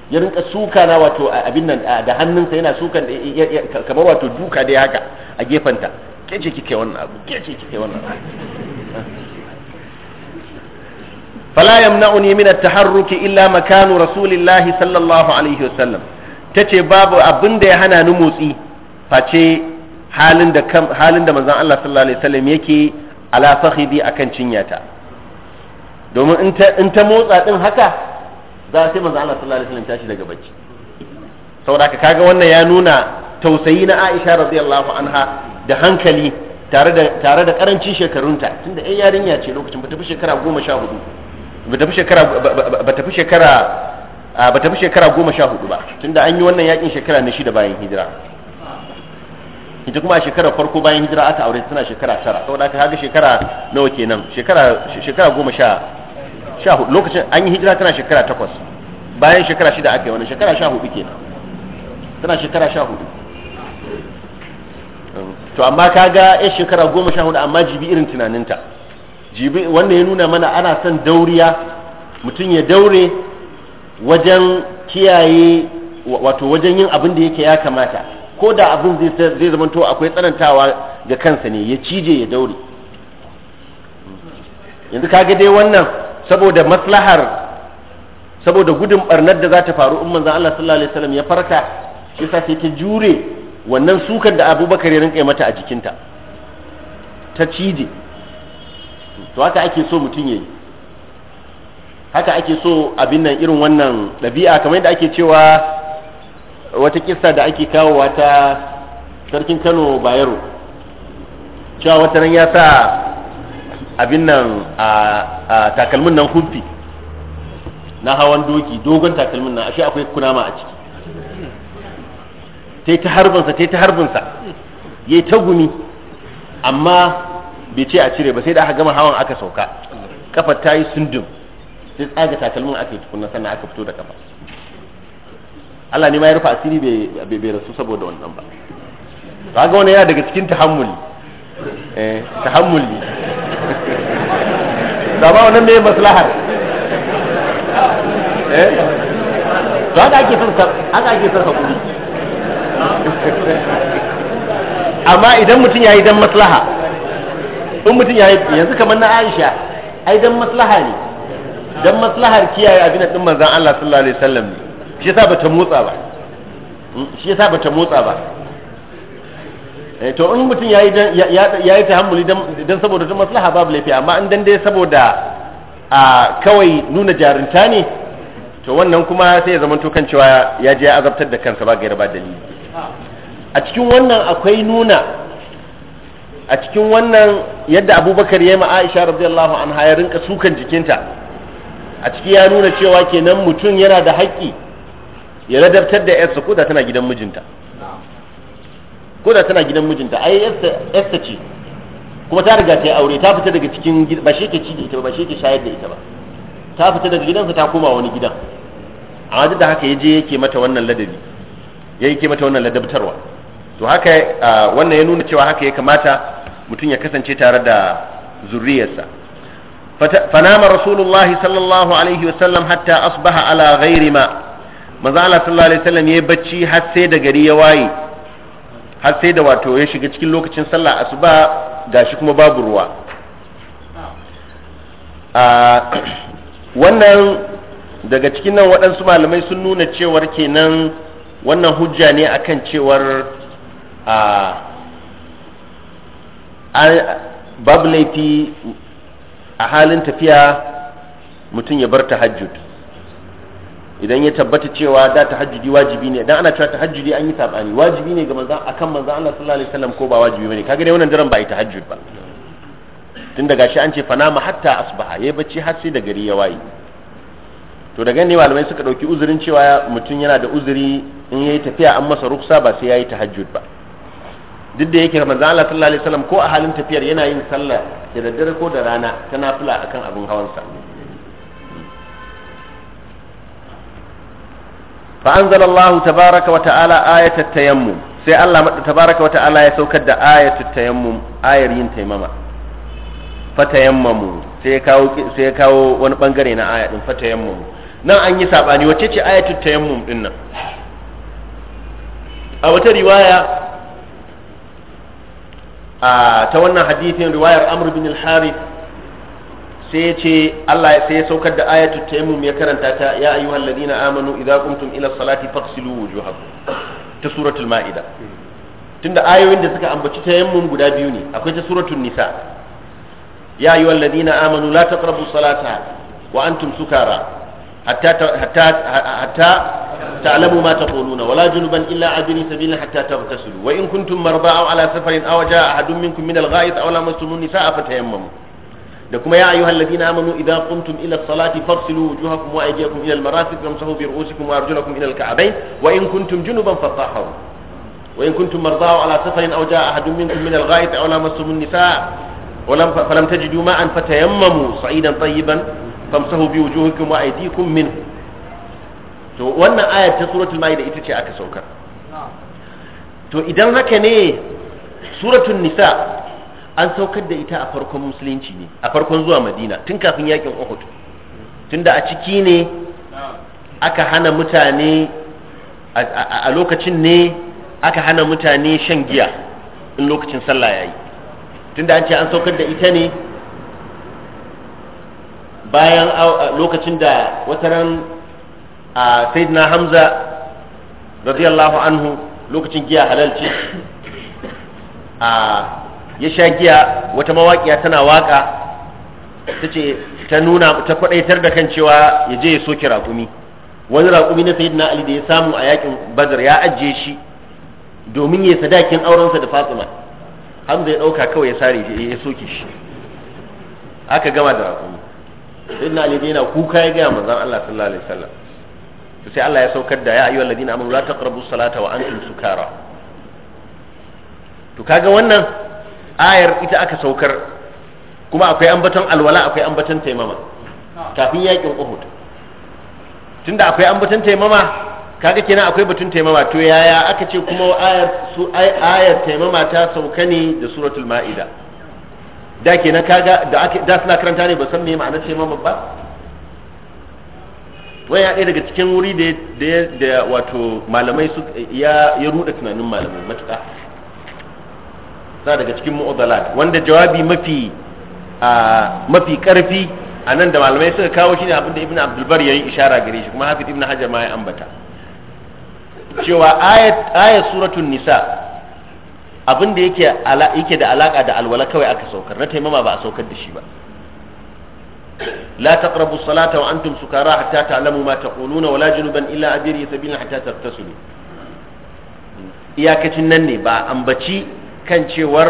ya rinka suka na wato abin nan da hannunsa yana sukan kamar wato duka dai haka a gefanta. kece ce kike wannan abu kece ce kike wannan abu fala yamna'uni min at-taharruki illa makanu rasulillahi sallallahu alaihi wasallam tace babu abin da ya hana ni motsi face halin da halin da manzon Allah sallallahu alaihi wasallam yake ala fakhidi akan cinyata domin in ta in ta motsa din haka za sai manzon Allah sallallahu alaihi wasallam tashi daga bacci saboda kaga wannan ya nuna tausayi na Aisha radiyallahu anha da hankali tare da tare da karancin shekarunta tunda ai yarinya ce lokacin ba ta fi shekara goma sha hudu ba ta fi shekara ba ta fi shekara ba ta fi shekara goma sha hudu ba tunda an yi wannan yakin shekara na shida bayan hijira ita kuma a shekarar farko bayan hijira aka aure tana shekara tara saboda haka kaga shekara nawa kenan shekara shekara goma sha sha hudu lokacin an yi hijira tana shekara takwas bayan shekara shida aka yi wannan shekara sha hudu kenan tana shekara sha hudu to amma kaga ya shekara goma sha hudu amma jibi irin tunaninta jibi wanda ya nuna mana ana son dauriya mutum ya daure wajen kiyaye wato wajen yin abin da yake ya kamata ko da abin zai zama to akwai tsanantawa ga kansa ne ya cije ya daure yanzu kaga dai wannan saboda maslahar saboda gudun barnar da za ta faru umman zan Allah sallallahu alaihi wasallam ya farka shi sa sai ta jure wannan sukar da abubakar ya rinka mata a jikinta ta cije to haka ake so mutum ya yi haka ake so abin nan irin wannan ɗabi'a kamar yadda ake cewa wata kissa da ake kawowa ta sarkin kano bayero cewa wata ran ya sa abin nan a takalmin nan kumfi na hawan doki dogon takalmin nan ashe akwai kunama a ciki ta ta harbinsa ta ta harbinsa ya ta gumi amma bai ce a cire ba sai da aka gama hawan aka sauka kafa ta yi sundum sai tsaga takalmin aka yi tukunna sannan aka fito da kafa Allah ne ma ya rufa asiri bai rasu saboda wannan ba to ga wani yana daga cikin tahammuli eh tahammuli da ba wannan mai maslahar eh to haka ake son haka ake son hakuri amma idan mutum ya yi don maslaha in mutum ya yi yanzu kamar na aisha ai don maslaha ne don maslahar kiyaye abin din manzan Allah sallallahu alaihi wasallam ne shi yasa bata motsa ba shi yasa bata motsa ba eh to in mutum don ya yi tahammuli dan saboda don maslaha babu laifi amma in dan dai saboda a kawai nuna jarinta ne to wannan kuma sai ya zama to kan cewa ya je azabtar da kansa ba gaira ba dalili a cikin wannan akwai nuna a cikin wannan yadda abubakar ya yi ma'aisha radiyallahu anha ya rinka sukan jikinta a ciki ya nuna cewa kenan mutum yana da haƙƙi ya ladabtar da yarsa ko da tana gidan mijinta ko da tana gidan mijinta ai yarsa ce kuma ta riga ta yi aure ta fita daga cikin ba shi ke ci da ita ba shi ke shayar da ita ba ta fita daga gidansa ta koma wani gidan amma duk da haka ya je yake mata wannan ladabi ya ke mata wannan ladabtarwa to haka wannan ya nuna cewa haka ya kamata mutum ya kasance tare da zuriyarsa fanama rasulullahi sallallahu alaihi wasallam hatta asbaha ala ghairi ma manzo Allah sallallahu alaihi wasallam yayi bacci har sai da gari ya waye har sai da wato ya shiga cikin lokacin sallah asuba gashi kuma babu ruwa a wannan daga cikin nan waɗansu malamai sun nuna cewar kenan wannan hujja ne akan cewar babu laifi a halin tafiya mutum ya bar tahajjud idan ya tabbata cewa da tahajjudi wajibi ne idan ana cewa tahajjudi an yi sabani wajibi ne ga manzon akan manzon Allah sallallahu alaihi wasallam ko ba wajibi bane kaga dai wannan daren ba yi tahajjud ba tun daga shi an ce fanama hatta asbaha yayi bacci har sai da gari ya waye to daga ne malamai suka dauki uzurin cewa mutum yana da uzuri in yayi tafiya an masa ruksa ba sai yayi tahajjud ba duk da yake manzo Allah sallallahu alaihi wasallam ko a halin tafiyar yana yin sallah da daddare ko da rana ta nafila akan abin hawansa fa anzalallahu tabaraka wa ta'ala ayatat tayammum sai Allah tabaraka wa ta'ala ya saukar da ayatat tayammum ayar yin taimama fa tayammamu sai ya kawo sai ya kawo wani bangare na aya din fa tayammamu nan an yi sabani wacce ce ayatul tayammum din nan a wata riwaya a ta wannan hadithin riwayar amr bin al-harith sai ya ce Allah sai ya saukar da ayatul tayammum ya karanta ta ya ayyuhal ladina amanu idza qumtum ila salati faghsilu wujuhakum ta suratul maida tunda ayoyin da suka ambaci tayammum guda biyu ne akwai ta suratul nisa ya ayyuhal ladina amanu la taqrabu salata wa antum sukara حتى حتى حتى تعلموا ما تقولون ولا جنبا الا عبري سبيلا حتى تغتسلوا وان كنتم مرضى او على سفر او جاء احد منكم من الغائط او لمستم النساء فتيمموا لكم يا ايها الذين امنوا اذا قمتم الى الصلاه فاغسلوا وجوهكم وايديكم الى المرافق وامسحوا برؤوسكم وارجلكم الى الكعبين وان كنتم جنبا فطهروا وان كنتم مرضى او على سفر او جاء احد منكم من الغائط او لمستم النساء ولم فلم تجدوا ماء فتيمموا صعيدا طيبا famsahu bi wujuhikum wa aydikum min to wannan ayar ta suratul maida ita ce aka saukar to idan haka ne suratul nisa an saukar da ita a farkon musulunci ne a farkon zuwa madina tun kafin yakin uhud tunda a ciki ne aka hana mutane a lokacin ne aka hana mutane shan giya in lokacin sallah yayi tunda an ce an saukar da ita ne bayan lokacin da wataran a saidina hamza radiyallahu anhu lokacin giya halalci a ya sha giya wata mawaƙiya tana waƙa ta ce ta nuna ta kwaɗaitar da kan cewa ya je ya soke raƙumi wani raƙumi na saidina ali da ya samu a yakin badar ya ajiye shi domin ya sadakin aurensa da fatima hamza ya ɗauka kawai ya sare ya soke shi aka gama da raƙumi sayyidina ali yana kuka ya gaya manzon Allah sallallahu alaihi wasallam to sai Allah ya saukar da ya ayyuhal ladina amanu la taqrabu salata wa antum sukara to kaga wannan ayar ita aka saukar kuma akwai ambaton alwala akwai ambaton taimama kafin yakin Uhud tunda akwai ambaton taimama kaga kenan akwai batun taimama to yaya aka ce kuma ayar su ayar taimama ta sauka ne da suratul ma'ida da kenan kaga da da suna karanta ne ba san me ma'anar ce mamman ba wani ya ɗaya daga cikin wuri da da wato malamai su ya ya ruda tunanin malamai matuƙa sa daga cikin mu'adalat wanda jawabi mafi a mafi karfi a nan da malamai suka kawo shine abin da ibnu abdulbar yayi ishara gare shi kuma hafiz ibnu hajar ma ya ambata cewa ayat ayat suratul nisa abin da yake yake da alaka da alwala kawai aka saukar na taimama ba a saukar da shi ba la taqrabu salata wa antum sukara hatta ta'lamu ma taquluna wala junuban illa abiri sabila hatta tartasulu iyakacin nan ne ba ambaci kan cewar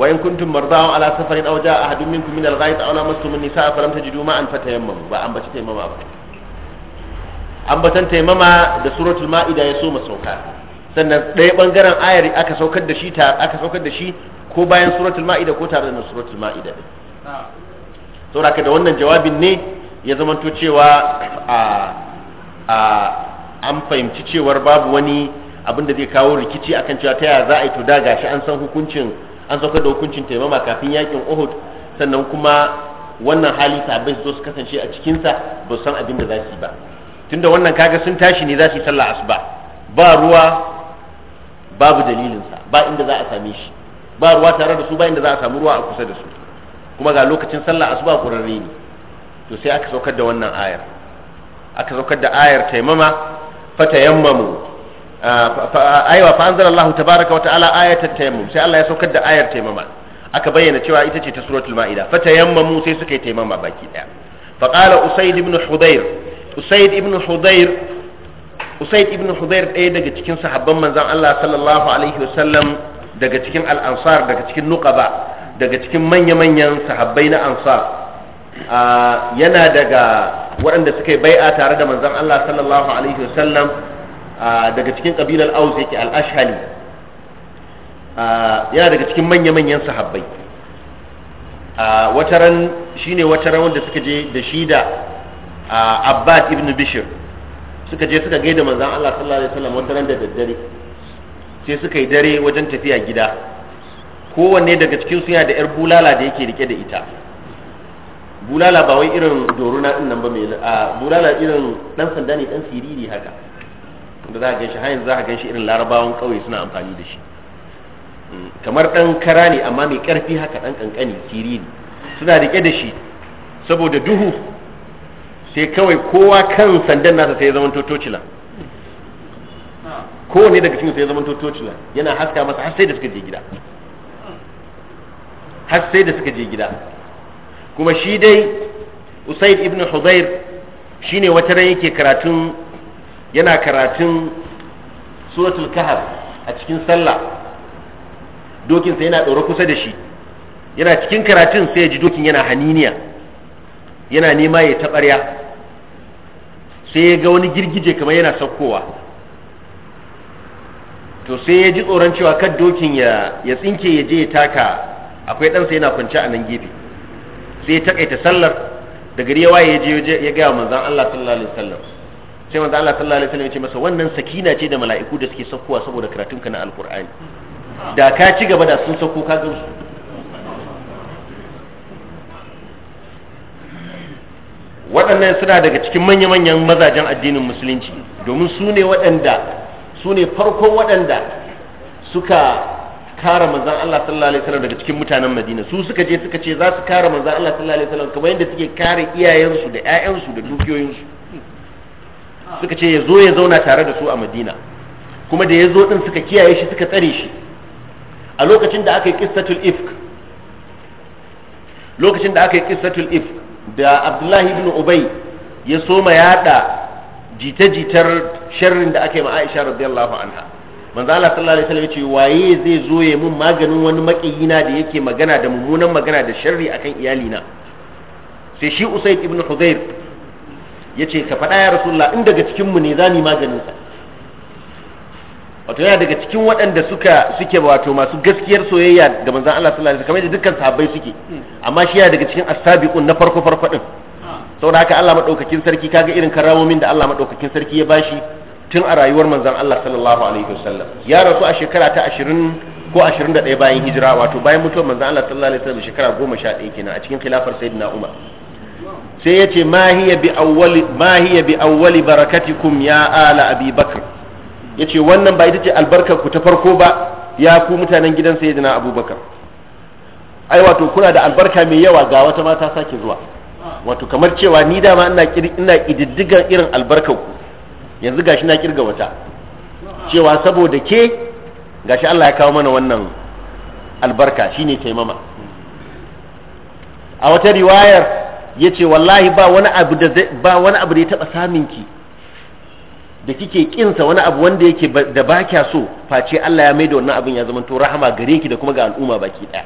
wa in kuntum marda'a ala safarin aw ja'a ahadun minkum min al-ghaid aw lamastum an-nisaa falam tajidu an fatayammamu ba ambaci taimama ba ambatan taimama da suratul ma'ida ya so masauka sannan ɗaya ɓangaren ayar aka saukar da shi aka saukar da shi ko bayan suratul ma'ida ko tare da suratul ma'ida din saboda da wannan jawabin ne ya zamanto cewa a a an fahimci cewar babu wani abin da zai kawo rikici akan cewa ta yaya za a yi to da gashi an san hukuncin an saukar da hukuncin taimama kafin yakin Uhud sannan kuma wannan hali sahabbai su zo su kasance a cikinsa ba san abin da za su yi ba tunda wannan kaga sun tashi ne za su yi sallah asuba ba ruwa babu dalilinsa ba inda za a same shi ba ruwa tare da su ba inda za a samu ruwa a kusa da su kuma ga lokacin sallah asuba ƙurarre ne to sai aka saukar da wannan ayar aka saukar da ayar taimama fa tayammamu aiwa fa anzala Allah tabaraka wa ta'ala ayatan tayammum sai Allah ya saukar da ayar taimama aka bayyana cewa ita ce ta suratul ma'ida tayammamu sai suka yi taimama baki daya fa qala usayd ibn hudayr usayd ibn hudayr usaid ibn hudayr ɗaya daga cikin sahabban manzon Allah sallallahu alaihi wasallam daga cikin al-ansar daga cikin nuqaba daga cikin manya-manyan sahabbai na ansar ah, yana daga waɗanda suka yi bai'a tare da manzon Allah sallallahu alaihi wasallam ah, daga cikin kabilar aus yake al-ashhali ah, yana daga cikin manya-manyan sahabbai wataran shine wataran wanda suka je da shi da abbas ibn bishir suka je suka gaida manzan Allah sallallahu alaihi wasallam wata ran da daddare sai suka yi dare wajen tafiya gida kowanne daga cikin su yana da yar bulala da yake rike da ita bulala ba wai irin doruna din nan ba mai a bulala irin dan sanda ne dan siriri haka da za ka ganshi har yanzu za ka ganshi irin larabawan kauye suna amfani da shi mm, kamar dan kara ne amma mai karfi haka dan kankani siriri suna rike da shi saboda duhu sai kawai kowa kan sandan nasa sai ya zama totocila kowane daga cikin sai ya zama totocila yana haska masa har sai da suka je gida har sai da suka je gida kuma shi dai usaid ibn shi ne wata ran yake karatun yana karatun suratul kahar a cikin sallah dokinsa yana ɗaure kusa da shi yana cikin karatun sai ya ji dokin yana haniniya yana nema ya taɓarya sai ya ga wani girgije kamar yana saukowa to sai ya ji tsoron cewa kan dokin ya tsinke ya je ya taka akwai ɗansa yana kwance a nan gefe sai ya takaita sallar da gari ya waye ya je ya gaya manzon Allah sallallahu alaihi wasallam sai manzon Allah sallallahu alaihi wasallam ya ce masa wannan sakina ce da mala'iku da suke saukowa saboda karatunka na alkur'ani da ka ci gaba da sun sauko ka gamsu waɗannan suna daga cikin manya-manyan mazajen addinin musulunci domin su ne waɗanda su ne farkon waɗanda suka kare manzan Allah sallallahu alaihi wasallam daga cikin mutanen Madina su suka je suka ce za su kare manzan Allah sallallahu alaihi wasallam kamar yadda suke kare iyayensu da ƴaƴansu da dukiyoyinsu suka ce ya zo ya zauna tare da su a Madina kuma da ya zo din suka kiyaye shi suka tsare shi a lokacin da aka yi qissatul ifk lokacin da aka yi qissatul ifk da abdullahi ibn ubay ya so ma yada jita-jitar sharrin da aka yi ma aisha radiyallahu anha manzo Allah sallallahu alaihi wasallam ya ce waye zai zo ya mun maganin wani makiyina da yake magana da mummunan magana da sharri akan iyalina sai shi usayd ibn hudayr yace ka faɗa ya rasulullah in daga cikin mu ne za maganin sa wato yana daga cikin waɗanda suka suke wato masu gaskiyar soyayya ga manzon Allah sallallahu alaihi wasallam kamar dukkan sahabbai suke amma shi yana daga cikin astabiqun na farko farko din saboda haka Allah madaukakin sarki kaga irin karamomin da Allah madaukakin sarki ya bashi tun a rayuwar manzon Allah sallallahu alaihi wasallam ya rasu a shekara ta 20 ko 21 bayan hijira wato bayan mutuwar manzon Allah sallallahu alaihi wasallam shekara 11 kenan a cikin khilafar sayyidina Umar sai yace ma hiya bi awwali ma hiya bi awwali barakatikum ya ala abi bakr ya ce wannan ba ita ce albarkar ku ta farko ba ya ku mutanen gidan sayyidina abubakar ai wato kuna da albarka mai yawa ga wata mata sake zuwa wato kamar cewa ni dama ina ina kididdigan irin albarkar ku yanzu gashi na kirga wata cewa saboda ke gashi Allah ya kawo mana wannan albarka shine taimama a wata riwayar yace wallahi ba wani abu da ba wani abu da ya taba samun ki da kike kinsa wani abu wanda yake da ba kya so face Allah ya maida wannan abin ya zama to rahama gare ki da kuma ga al'umma baki daya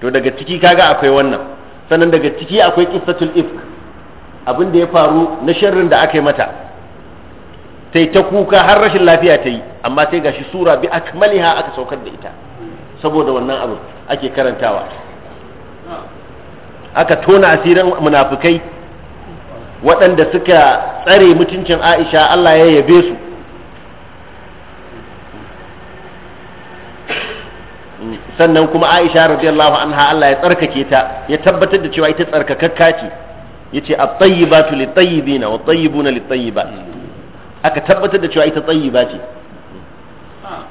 to daga ciki kaga akwai wannan sannan daga ciki akwai qissatul ifk abin da ya faru na sharrin da aka yi mata sai ta kuka har rashin lafiya ta yi amma sai gashi sura bi akmaliha aka saukar da ita saboda wannan abin ake karantawa aka tona asirin munafikai waɗanda suka tsare mutuncin aisha Allah ya yabe su sannan kuma aisha radiyallahu anha Allah ya tsarkake ta ya tabbatar da cewa ita tsarkakakka ce yace at-tayyibatu lit-tayyibina wat-tayyibuna lit-tayyibat aka tabbatar da cewa ita tayyiba ce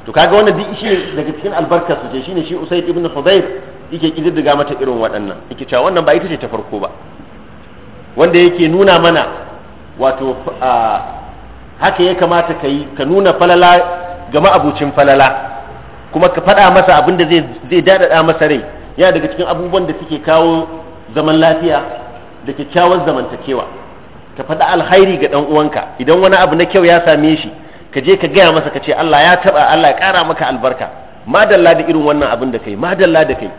to kaga wannan duk shi daga cikin albarka su ce shine shi Usayd ibn Hudayr yake kididdiga mata irin waɗannan yake cewa wannan ba ita ce ta farko ba wanda yake nuna mana wato haka ya kamata ka yi ka nuna falala ga ma'abucin falala kuma ka faɗa masa abin da zai daɗaɗa masa rai yana daga cikin abubuwan da suke kawo zaman lafiya da kyakkyawar zamantakewa ka faɗa alhairi ga ɗan uwanka idan wani abu na kyau ya same shi ka je ka gaya masa ka ce Allah ya taɓa Allah ya ƙara maka albarka madalla da irin wannan abin da kai madalla da kai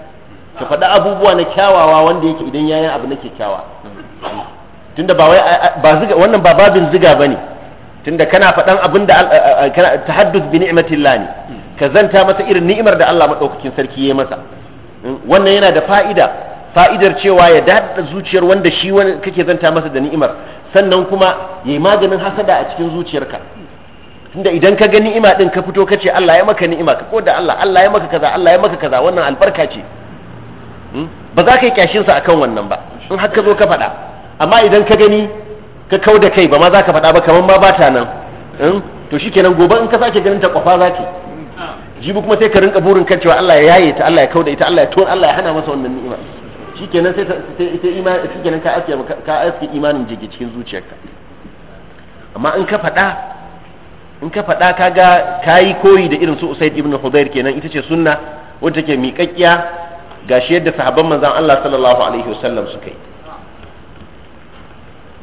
ka faɗi abubuwa na kyawawa wanda yake idan yayi abu nake kyawa tunda ba wai ba ziga wannan ba babin ziga ba ne tunda kana faɗan abin da haddus bi ni'matillah ne ka zanta masa irin ni'imar da Allah maɗaukakin sarki ya masa hmm, wannan yana da fa'ida fa'idar cewa ya daɗa zuciyar wanda shi wani kake zanta masa da ni'imar sannan kuma yi maganin hasada a cikin zuciyarka tunda idan ka ga ni'ima din ka fito ka ce Allah ya maka ni'ima ka da Allah Allah ya maka kaza Allah ya maka kaza wannan albarka ce Hmm? ba za ka yi kyashin sa akan wannan ba in har ka zo ka faɗa amma idan ka gani ka kau da kai ba ma za ka faɗa ba kamar ma ba ta nan hmm? to shikenan gobe in ka sake ganin ta kwafa za ki jibi kuma sai ka rinka burin kan cewa Allah ya yaye ta Allah ya kau da ita Allah ya to Allah ya hana masa wannan ni'ima shikenan sai ita imani kenan ka aske ka aske imanin jige cikin zuciyarka amma in ka faɗa in ka faɗa kaga kayi koyi da irin su Usaid ibn Hudayr kenan ita ce sunna wacce take miƙaƙƙiya shi yadda sahabban manzon Allah sallallahu alaihi wasallam suka yi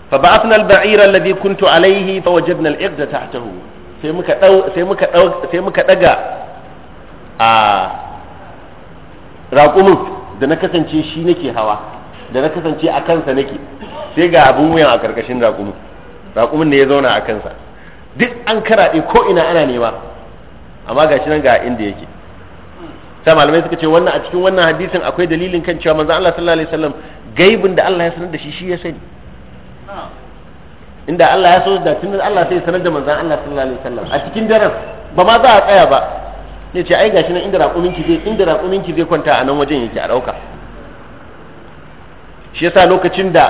fa ba'athna al-ba'ira alladhi kuntu alaihi fa wajadna al-iqda tahtahu sai muka dau sai muka dau sai muka daga a raqumin da na kasance shi nake hawa da na kasance a kansa nake sai ga abun wuyan a karkashin raqumin raqumin ne ya zauna a kansa duk an karaɗe ko ina ana nema amma gashi nan ga inda yake sai malamai suka ce wannan a cikin wannan hadisin akwai dalilin kan cewa manzon Allah sallallahu alaihi wasallam gaibin da Allah ya sanar da shi shi ya sani inda Allah ya so da tun Allah sai ya sanar da manzon Allah sallallahu alaihi wasallam a cikin daren ba ma za a tsaya ba ne ce ai gashi nan inda raƙuminki zai inda raƙuminki zai kwanta a nan wajen yake a ɗauka shi yasa lokacin da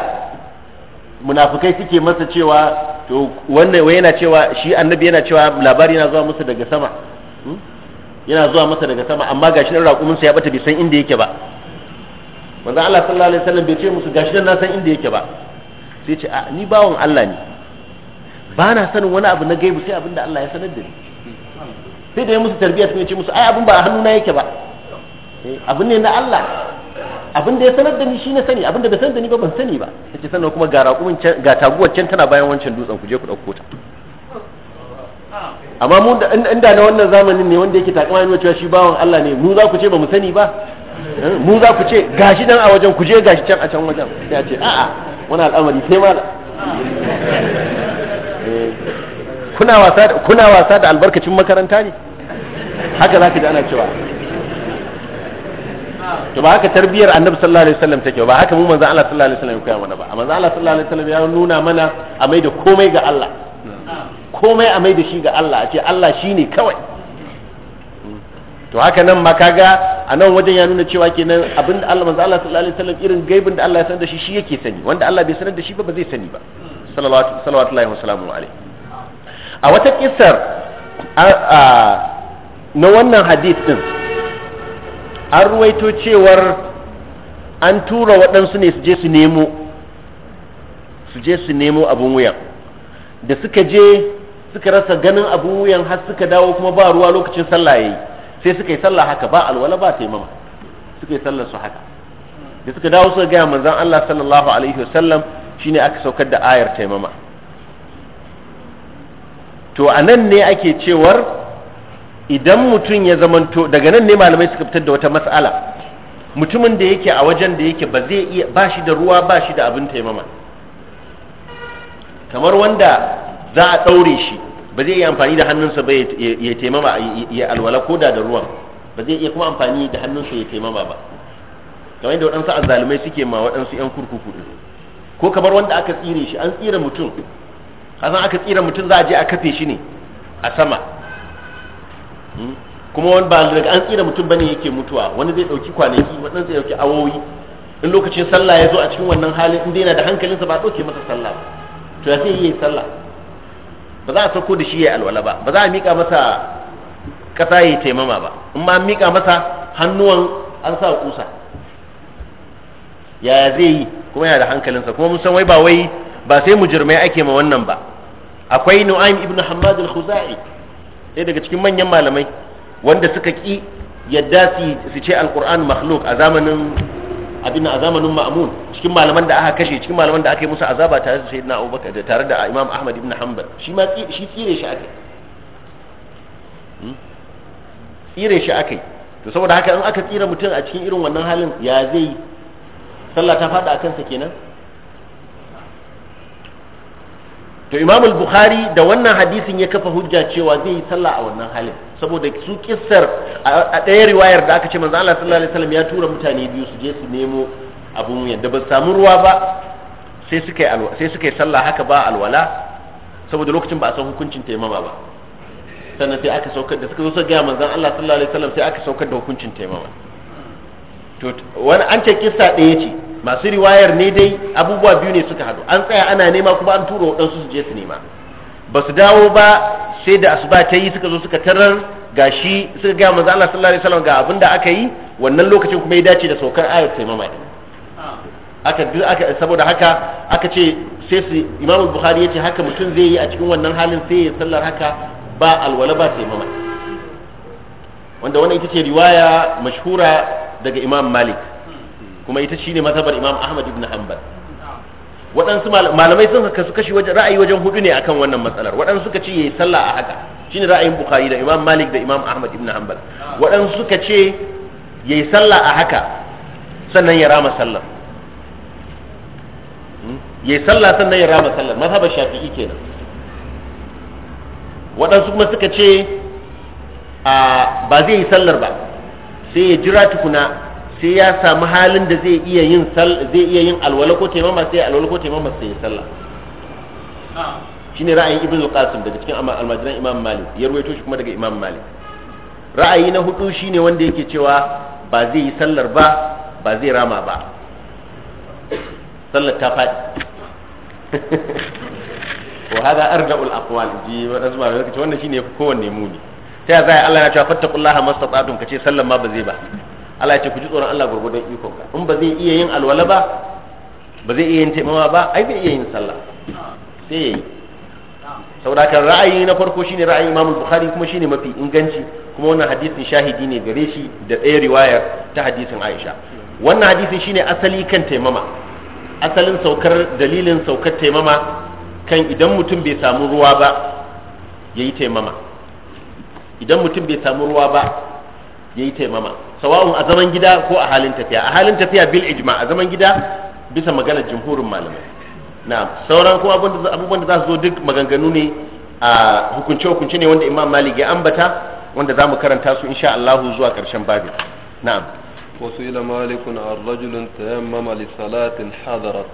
munafukai suke masa cewa to wannan yana cewa shi annabi yana cewa labari yana zuwa musu daga sama hmm? yana zuwa masa daga sama amma gashi nan raƙuminsa ya bata bai san inda yake ba manzo Allah sallallahu alaihi wasallam bai ce musu gashi nan na san inda yake ba sai ce a ni bawon Allah ne ba na sanin wani abu na gaibu sai abin da Allah ya sanar da ni sai da ya musu tarbiyya sai ya ce musu ai abin ba a hannuna yake ba eh, abin ne na Allah abin da ya sanar da ni shi na sani abin da bai sanar da ni ba ban sani ba sai sannan kuma ga raƙumin ga taguwar can tana bayan wancan dutsen ku je ku ɗauko ta amma mu inda na wannan zamanin ne wanda yake takama ne cewa shi bawan Allah ne mu za ku ce ba mu sani ba eh, mu za ku ce gashi dan a wajen ku je gashi can a can wajen sai a ce a'a wani al'amari sai ma eh, kuna wasa kuna wasa da albarkacin makaranta ne haka zaka ji ana cewa to ba haka tarbiyar annabi sallallahu alaihi wasallam take ba haka mu manzo Allah sallallahu alaihi wasallam ya koya mana ba manzo Allah sallallahu alaihi wasallam ya nuna mana a mai da komai ga Allah komai a mai da shi ga Allah a ce Allah shi ne kawai to haka nan ma kaga a nan wajen ya nuna cewa kenan abinda Allah manzo Allah sallallahu alaihi wasallam irin gaibin da Allah ya sanar da shi shi yake sani wanda Allah bai sanar da shi ba ba zai sani ba sallallahu alaihi wasallam a wata kissar na wannan hadith din an ruwaito cewar an tura waɗansu ne su je su nemo su je su nemo abin wuyan da suka je suka rasa ganin abu wuyan har suka dawo kuma ba ruwa lokacin sallah yayi sai suka yi sallah haka ba alwala ba taimama suka yi sallar su haka da suka dawo suka gaya manzon Allah sallallahu alaihi wasallam shine aka saukar da ayar taimama to anan ne ake cewar idan mutum ya zamanto daga nan ne malamai suka fitar da wata mas'ala mutumin da yake a wajen da yake ba zai iya ba shi da ruwa ba shi da abin taimama kamar wanda za a ɗaure shi ba zai iya amfani da hannunsa ba ya taimama ya alwala ko da ruwan ba zai iya kuma amfani da hannunsa ya taimama ba kamar yadda waɗansu azzalumai suke ma waɗansu 'yan kurkuku ɗin ko kamar wanda aka tsire shi an tsira mutum kasan aka tsira mutum za a je a kafe shi ne a sama hmm? kuma wani ba daga an tsira mutum bane yake mutuwa wani zai ɗauki kwanaki wani zai ɗauki awowi in lokacin sallah ya zo a cikin wannan halin inda yana da hankalinsa ba ɗauke masa sallah to ya sai yi sallah ba za a sauko da shi ya alwala ba ba za a mika masa ƙasa ya taimama ba in ma mika masa hannuwan an sa kusa yaya zai yi kuma yana da hankalinsa kuma mun san wai ba wai ba sai mujirmai ake ma wannan ba akwai nu'aim ibn hammad al-khuzai sai daga cikin manyan malamai wanda suka ki yadda su ce alquran makhluk a zamanin abin a zamanin ma'amun cikin malaman da aka kashe cikin malaman da aka yi musu azaba tare da sayyidina abubakar da tare da imam ahmad ibn hanbal shi ma shi tsire shi akai hmm? tsire shi akai to saboda haka in aka tsira mutum a cikin irin wannan halin ya zai sallah ta faɗa akan sa kenan to imam al-bukhari da wannan hadisin ya kafa hujja cewa zai yi sallah a wannan halin saboda su kissar a ɗaya riwayar da aka ce manzo Allah sallallahu alaihi wasallam ya tura mutane biyu su je su nemo abun yadda ba samu ruwa ba sai suka yi sai suka yi sallah haka ba alwala saboda lokacin ba a san hukuncin taimama ba sannan sai aka saukar da suka zo ga manzo Allah sallallahu alaihi wasallam sai aka saukar da hukuncin taimama to wani an ce kissa ɗaya ce masu riwayar ne dai abubuwa biyu ne suka hadu an tsaya ana nema kuma an tura waɗansu su je su nema ba su dawo ba sai da asuba ta yi suka zo suka tarar gashi suka gaya manzo Allah sallallahu alaihi wasallam ga abin da aka yi wannan lokacin kuma ya dace da saukar ayat sai mama din aka aka saboda haka aka ce sai su Imam Bukhari yace haka mutum zai yi a cikin wannan halin sai ya sallar haka ba alwala ba sai mama wanda wannan ita ce riwaya mashhura daga Imam Malik kuma ita shine mazhabar imam ahmad ibn hanbal waɗansu malamai sun kasu kashi wajen ra'ayi wajen hudu ne akan wannan matsalar waɗansu suka ce yayi sallah a haka shine ra'ayin bukhari da imam malik da imam ahmad ibn hanbal waɗansu suka ce yayi sallah a haka sannan ya rama sallar hmm? yayi sallah sannan ya rama sallar mazhabar shafi'i kenan waɗansu kuma suka ce ba zai yi sallar ba sai ya jira tukuna sai ya samu halin da zai iya yin zai iya yin alwala ko taimama sai alwala ko taimama sai yi sallah shine ra'ayin ibn al-qasim daga cikin almajiran imam malik ya ruwaito shi kuma daga imam malik ra'ayi na hudu shine wanda yake cewa ba zai yi sallar ba ba zai rama ba sallar ta faɗi wa hada arda'ul aqwal ji wadansu malamai suka wannan shine kowanne muni ta yaya Allah ya ce fattaqullaha mastata'tum kace sallar ma ba zai ba Allah ya ce ku ji tsoron Allah gurgudan ikon ka in ba zai iya yin alwala ba ba zai iya yin taimama ba ai bai iya yin sallah sai yayi saboda haka ra'ayi na farko shine ra'ayin Imam Bukhari kuma shine mafi inganci kuma wannan hadisin shahidi ne gare shi da tsayar riwayar ta hadisin Aisha wannan hadisin shine asali kan taimama asalin saukar dalilin saukar taimama kan idan mutum bai samu ruwa ba yayi taimama idan mutum bai samu ruwa ba yayi taimama sawa'un a zaman gida ko a halin tafiya a halin tafiya bil ijma a zaman gida bisa maganar jumhurin malamai na'am sauran kuma abubuwan da za su zo duk maganganu ne a hukunce hukunce ne wanda imam malik ya ambata wanda za mu karanta su insha Allah zuwa karshen babin na'am وسئل مالك عن رجل تيمم لصلاة حضرت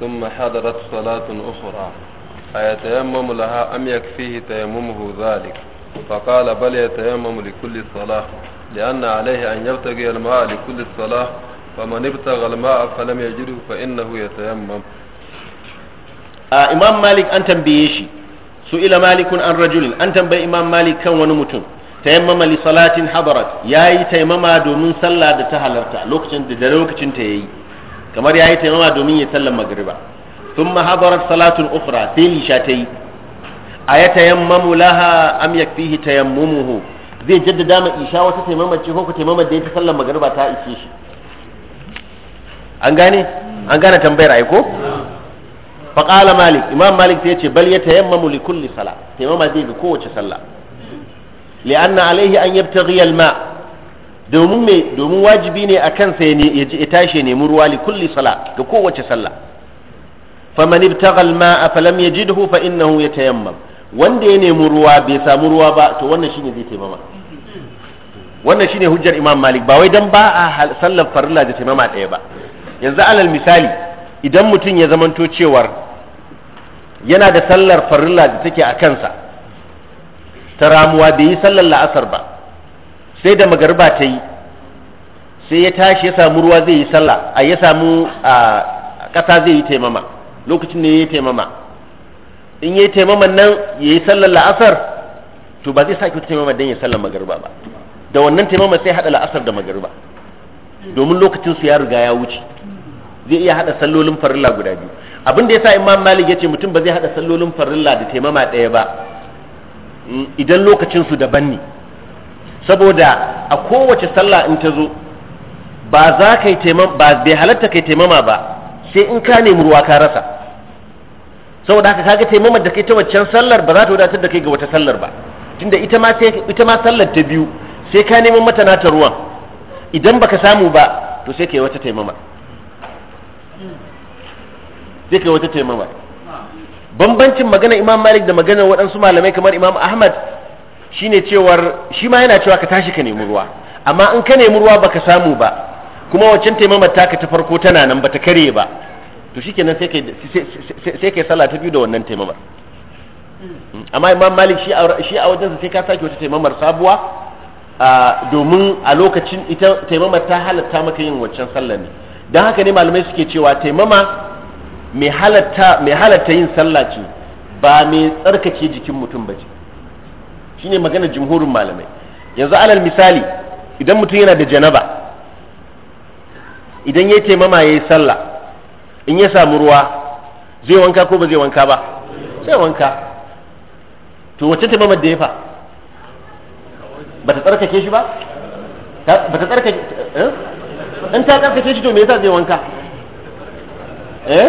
ثم حضرت صلاة أخرى أيتيمم لها أم يكفيه تيممه ذلك فقال بل يتيمم لكل صلاة لأن عليه أن يبتغي الماء لكل الصلاة فمن ابتغى الماء فلم يجده فإنه يتيمم آه إمام مالك أن تنبيشي سئل مالك عن رجل أن تنبي مالك كان ونمتن tayammama li salatin hadarat yayi tayammama domin sallah da ta halarta lokacin da lokacin ta yayi kamar yayi taimama domin ya sallar magriba thumma hadarat salatun ukhra sai lisha ta yi am zai jaddada ma isha wata taimamace ko ku taimamar da ya ta sallar magariba ta ishe shi an gane an gane tambayar ai ko faqala malik imam malik sai ce bal yatayammamu li kulli sala taimama zai ga kowace sallah li anna alaihi an yabtaghi al ma domin me domin wajibi ne a kansa ya ya tashi ne ruwa li kulli sala ga kowace sallah faman ibtagha al ma'a falam yajidhu fa innahu yatayammam wanda ya nemi ruwa bai samu ruwa ba to wannan shine zai taimama wannan shine hujjar imam malik ba wai dan ba a sallar farilla da taimama ɗaya ba yanzu alal misali idan mutum ya zamanto cewar yana da sallar farilla da take a kansa ta ramuwa bai yi sallar la'asar ba sai da magarba ta yi sai ya tashi ya samu ruwa zai yi sallah a ya samu a ƙasa zai yi taimama lokacin ne ya yi taimama in yi taimaman nan yi sallar la'asar to ba zai sake taimaman dan ya sallar magariba ba da wannan taimaman sai hada la'asar da magariba domin lokacin ya riga ya wuce zai iya hada sallolin farilla guda biyu abin da ya sa imam malik ya ce mutum ba zai hada sallolin farilla da taimama daya ba mm, idan lokacin daban ne saboda a kowace sallah in ta zo ba za ka yi taimama ba bai halatta kai taimama ba sai in ka nemi ruwa ka rasa saboda haka kaga taimamar da kai ta waccan sallar ba za ta wadatar da kai ga wata sallar ba tunda ita ma ita ma sallar ta biyu sai ka neman mata nata ruwan idan baka samu ba to sai kai wata taimamar sai kai wata taimamar bambancin magana Imam Malik da maganar waɗansu malamai kamar Imam Ahmad shine cewar shi ma yana cewa ka tashi ka nemi ruwa amma in ka nemi ruwa baka samu ba kuma waccan taimamar taka ta farko tana nan bata kare ba to shikenan sai kai sai kai sallah ta biyu da wannan taimamar amma imam malik shi a shi a sai ka sake wata taimamar sabuwa domin a lokacin ita taimamar ta halatta maka yin waccan sallah ne don haka ne malamai suke cewa taimama mai halatta yin sallah ce ba mai tsarkake jikin mutum ba ce shine maganar jumhurin malamai yanzu alal misali idan mutum yana da janaba idan ya taimama ya yi sallah in ya samu ruwa zai wanka ko ba zai wanka ba sai wanka to wacce ta mamar da ya fa ba ta tsarkake shi ba ba ta tsarkake eh? in ta tsarkake shi to me yasa zai wanka eh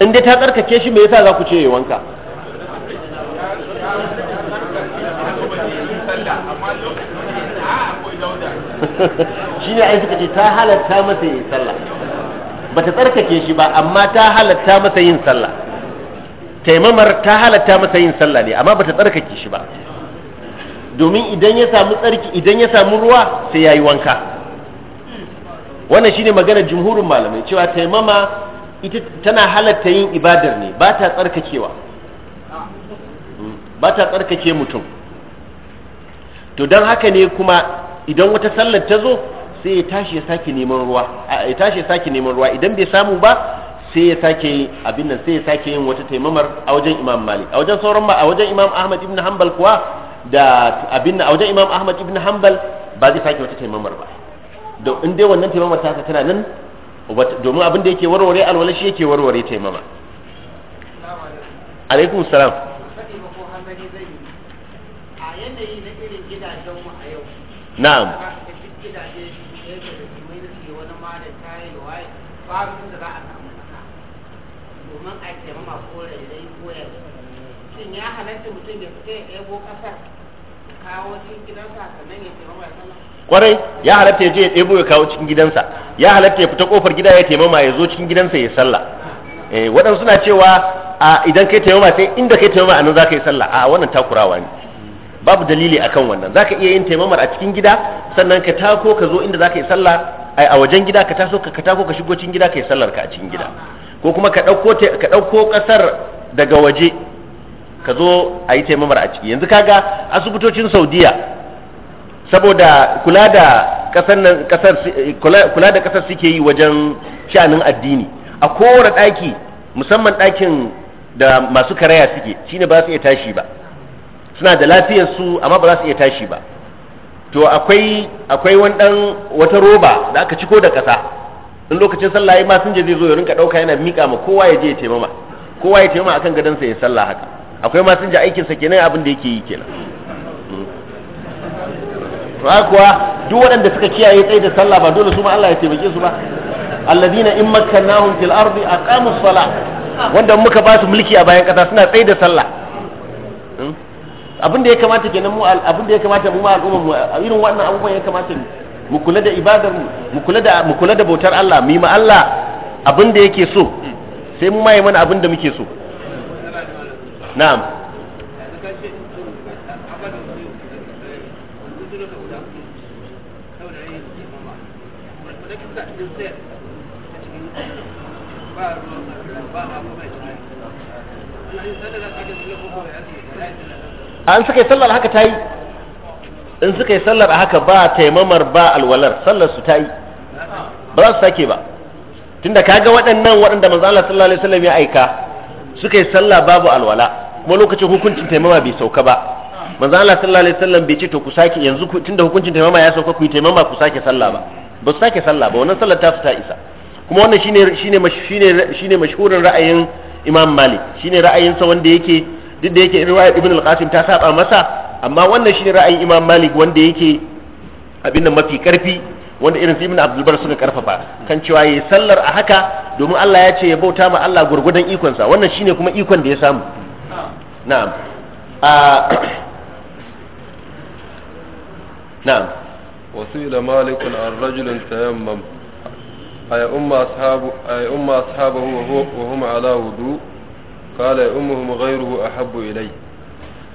in dai ta tsarkake shi me yasa za ku ce ya wanka shi ne ai suka ce ta halatta masa ya yi sallah Ba ta tsarkake shi ba amma ta halatta masa yin sallah taimamar ta halatta masa yin sallah ne amma ba ta tsarkake shi ba domin idan ya samu tsarki idan ya samu ruwa sai yayi wanka wannan shine maganar jumhurin malamai cewa taimama ita tana halatta yin ibadar ne ba ta tsarkakewa hmm, ba ta tsarkake mutum to don haka ne kuma idan wata sallar ta zo sai ya tashi ya sake neman ruwa ya tashi ya sake neman ruwa idan bai samu ba sai ya sake abin nan sai ya sake yin wata taimamar a wajen Imam Malik a wajen sauran ma a wajen Imam Ahmad ibn Hanbal kuwa da abin nan a wajen Imam Ahmad ibn Hanbal ba zai sake wata taimamar ba da in dai wannan taimamar ta tana nan domin abin da yake warware alwala shi yake warware taimama alaikum salam na'am babu inda za a samu domin a shin ya halatta mutum ya fita ya ɗebo ƙasar kawo cikin gidansa sannan ya sama kwarai ya halatta ya je ya ɗebo ya kawo cikin gidansa ya halatta ya fita kofar gida ya taimama ya zo cikin gidansa ya sallah eh waɗansu suna cewa a idan kai taimama sai inda kai taimama a nan za ka yi sallah a wannan takurawa ne babu dalili akan wannan za ka iya yin taimamar a cikin gida sannan ka tako ka zo inda za ka yi sallah a wajen gida ka taso ka tako ka shigo cikin gida kai sallar ka a cikin gida ko kuma ka dauko ka dauko kasar daga waje ka zo a yi taimamar a ciki yanzu kaga asibitocin saudiya saboda kula da kasar nan kasar kula da kasar suke yi wajen sha'anin addini a kowace daki musamman dakin da masu karaya suke shine ba su iya tashi ba suna da lafiyar su amma ba za su iya tashi ba to akwai akwai wani dan wata roba da aka ciko da kasa in lokacin sallah yayi ma sun je zai zo ya rinka dauka yana mika ma kowa ya je ya taimama kowa ya taimama akan gadon sa ya sallah haka akwai ma sun je aikin sa kenan abin da yake yi kenan to kuwa duk waɗanda suka kiyaye tsaye da sallah ba dole su ma Allah ya taimake su ba alladina in makkannahum fil ardi aqamu salah wanda muka ba su mulki a bayan kasa suna tsaye da sallah abin da ya kamata kenan mu abin da ya kamata mu ma al'umma mu irin wannan abubuwan ya kamata mu kula da ibadar mu mu kula da mu kula da bautar Allah mu yi ma Allah abin da yake so sai mu ma yi mana abin da muke so na'am ba an suka yi sallar haka ta yi in suka yi sallar haka ba taimamar ba alwalar sallar su ta yi ba za su sake ba tunda kaga waɗannan waɗanda manzo Allah sallallahu alaihi wasallam ya aika suka yi sallah babu alwala kuma lokacin hukuncin taimama bai sauka ba manzo Allah sallallahu alaihi wasallam bai ce to ku sake yanzu tunda hukuncin taimama ya sauka ku yi taimama ku sake sallah ba ba su sake sallah ba wannan sallar ta fi ta isa kuma wannan shine shine shine shine mashhurin ra'ayin Imam Malik shine ra'ayin wanda yake duk da yake riwayar ibn al-qasim ta saba masa amma wannan shine ra'ayin imam malik wanda yake abin da mafi karfi wanda irin su ibn abdul bar suka karfafa kan cewa yayi sallar a haka domin Allah ya ce ya bauta ma Allah gurgudan ikon sa wannan shine kuma ikon da ya samu na'am a na'am wasila malikun ar rajulin tayammam ay umma ashabu ay umma ashabu wa hum ala wudu' قال أمهم غيره أحب إلي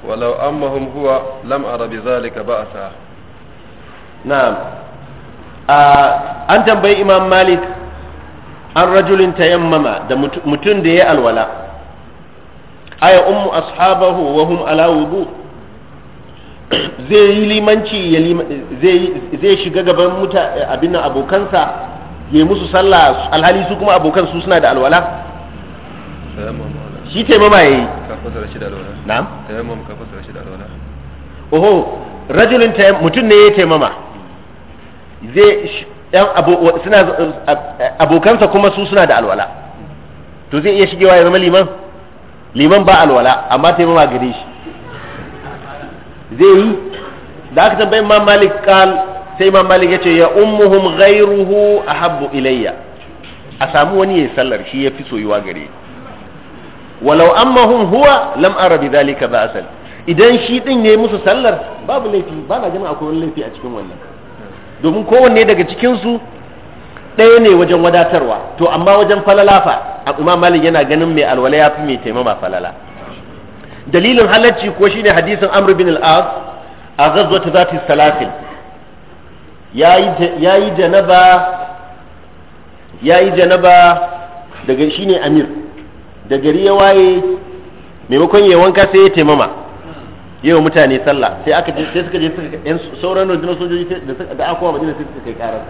ولو أمهم هو لم أر بذلك بأسا نعم آه أنت بي إمام مالك عن رجل تيمم متن دي الولاء أي أم أصحابه وهم على وضوء zai yi limanci zai shiga gaban abin abokansa ya yi musu sallah alhali su kuma abokan su suna da alwala shi taimama yayi ka fasara shi da alwala na'am tayammum ka fasara shi da alwala oho rajulun mutum ne ya taimama zai yan suna abokansa kuma su suna da alwala to zai iya shigewa ya zama liman liman ba alwala amma taimama gare shi zai yi da aka tambayi imam malik kal sai imam malik ya ce ya ummuhum ghairuhu ahabbu ilayya a samu wani ya sallar shi ya fi soyuwa gare ni walau hun huwa lam ara bi zalika asal idan shi din ne musu sallar babu laifi ba na ganin akwai laifi a cikin wannan domin kowanne daga cikin su ɗaya ne wajen wadatarwa to amma wajen falala fa a imam malik yana ganin mai alwala fi mai taimama falala dalilin halacci ko shine hadisin amr bin al-as a ghazwat zati salafin yayi janaba yayi janaba daga shine amir da gari ya waye maimakon ya wanka sai ya taimama yawa mutane sallah sai aka je sai suka je suka sauran rundunar sojoji da aka kowa madina sai suka kai karar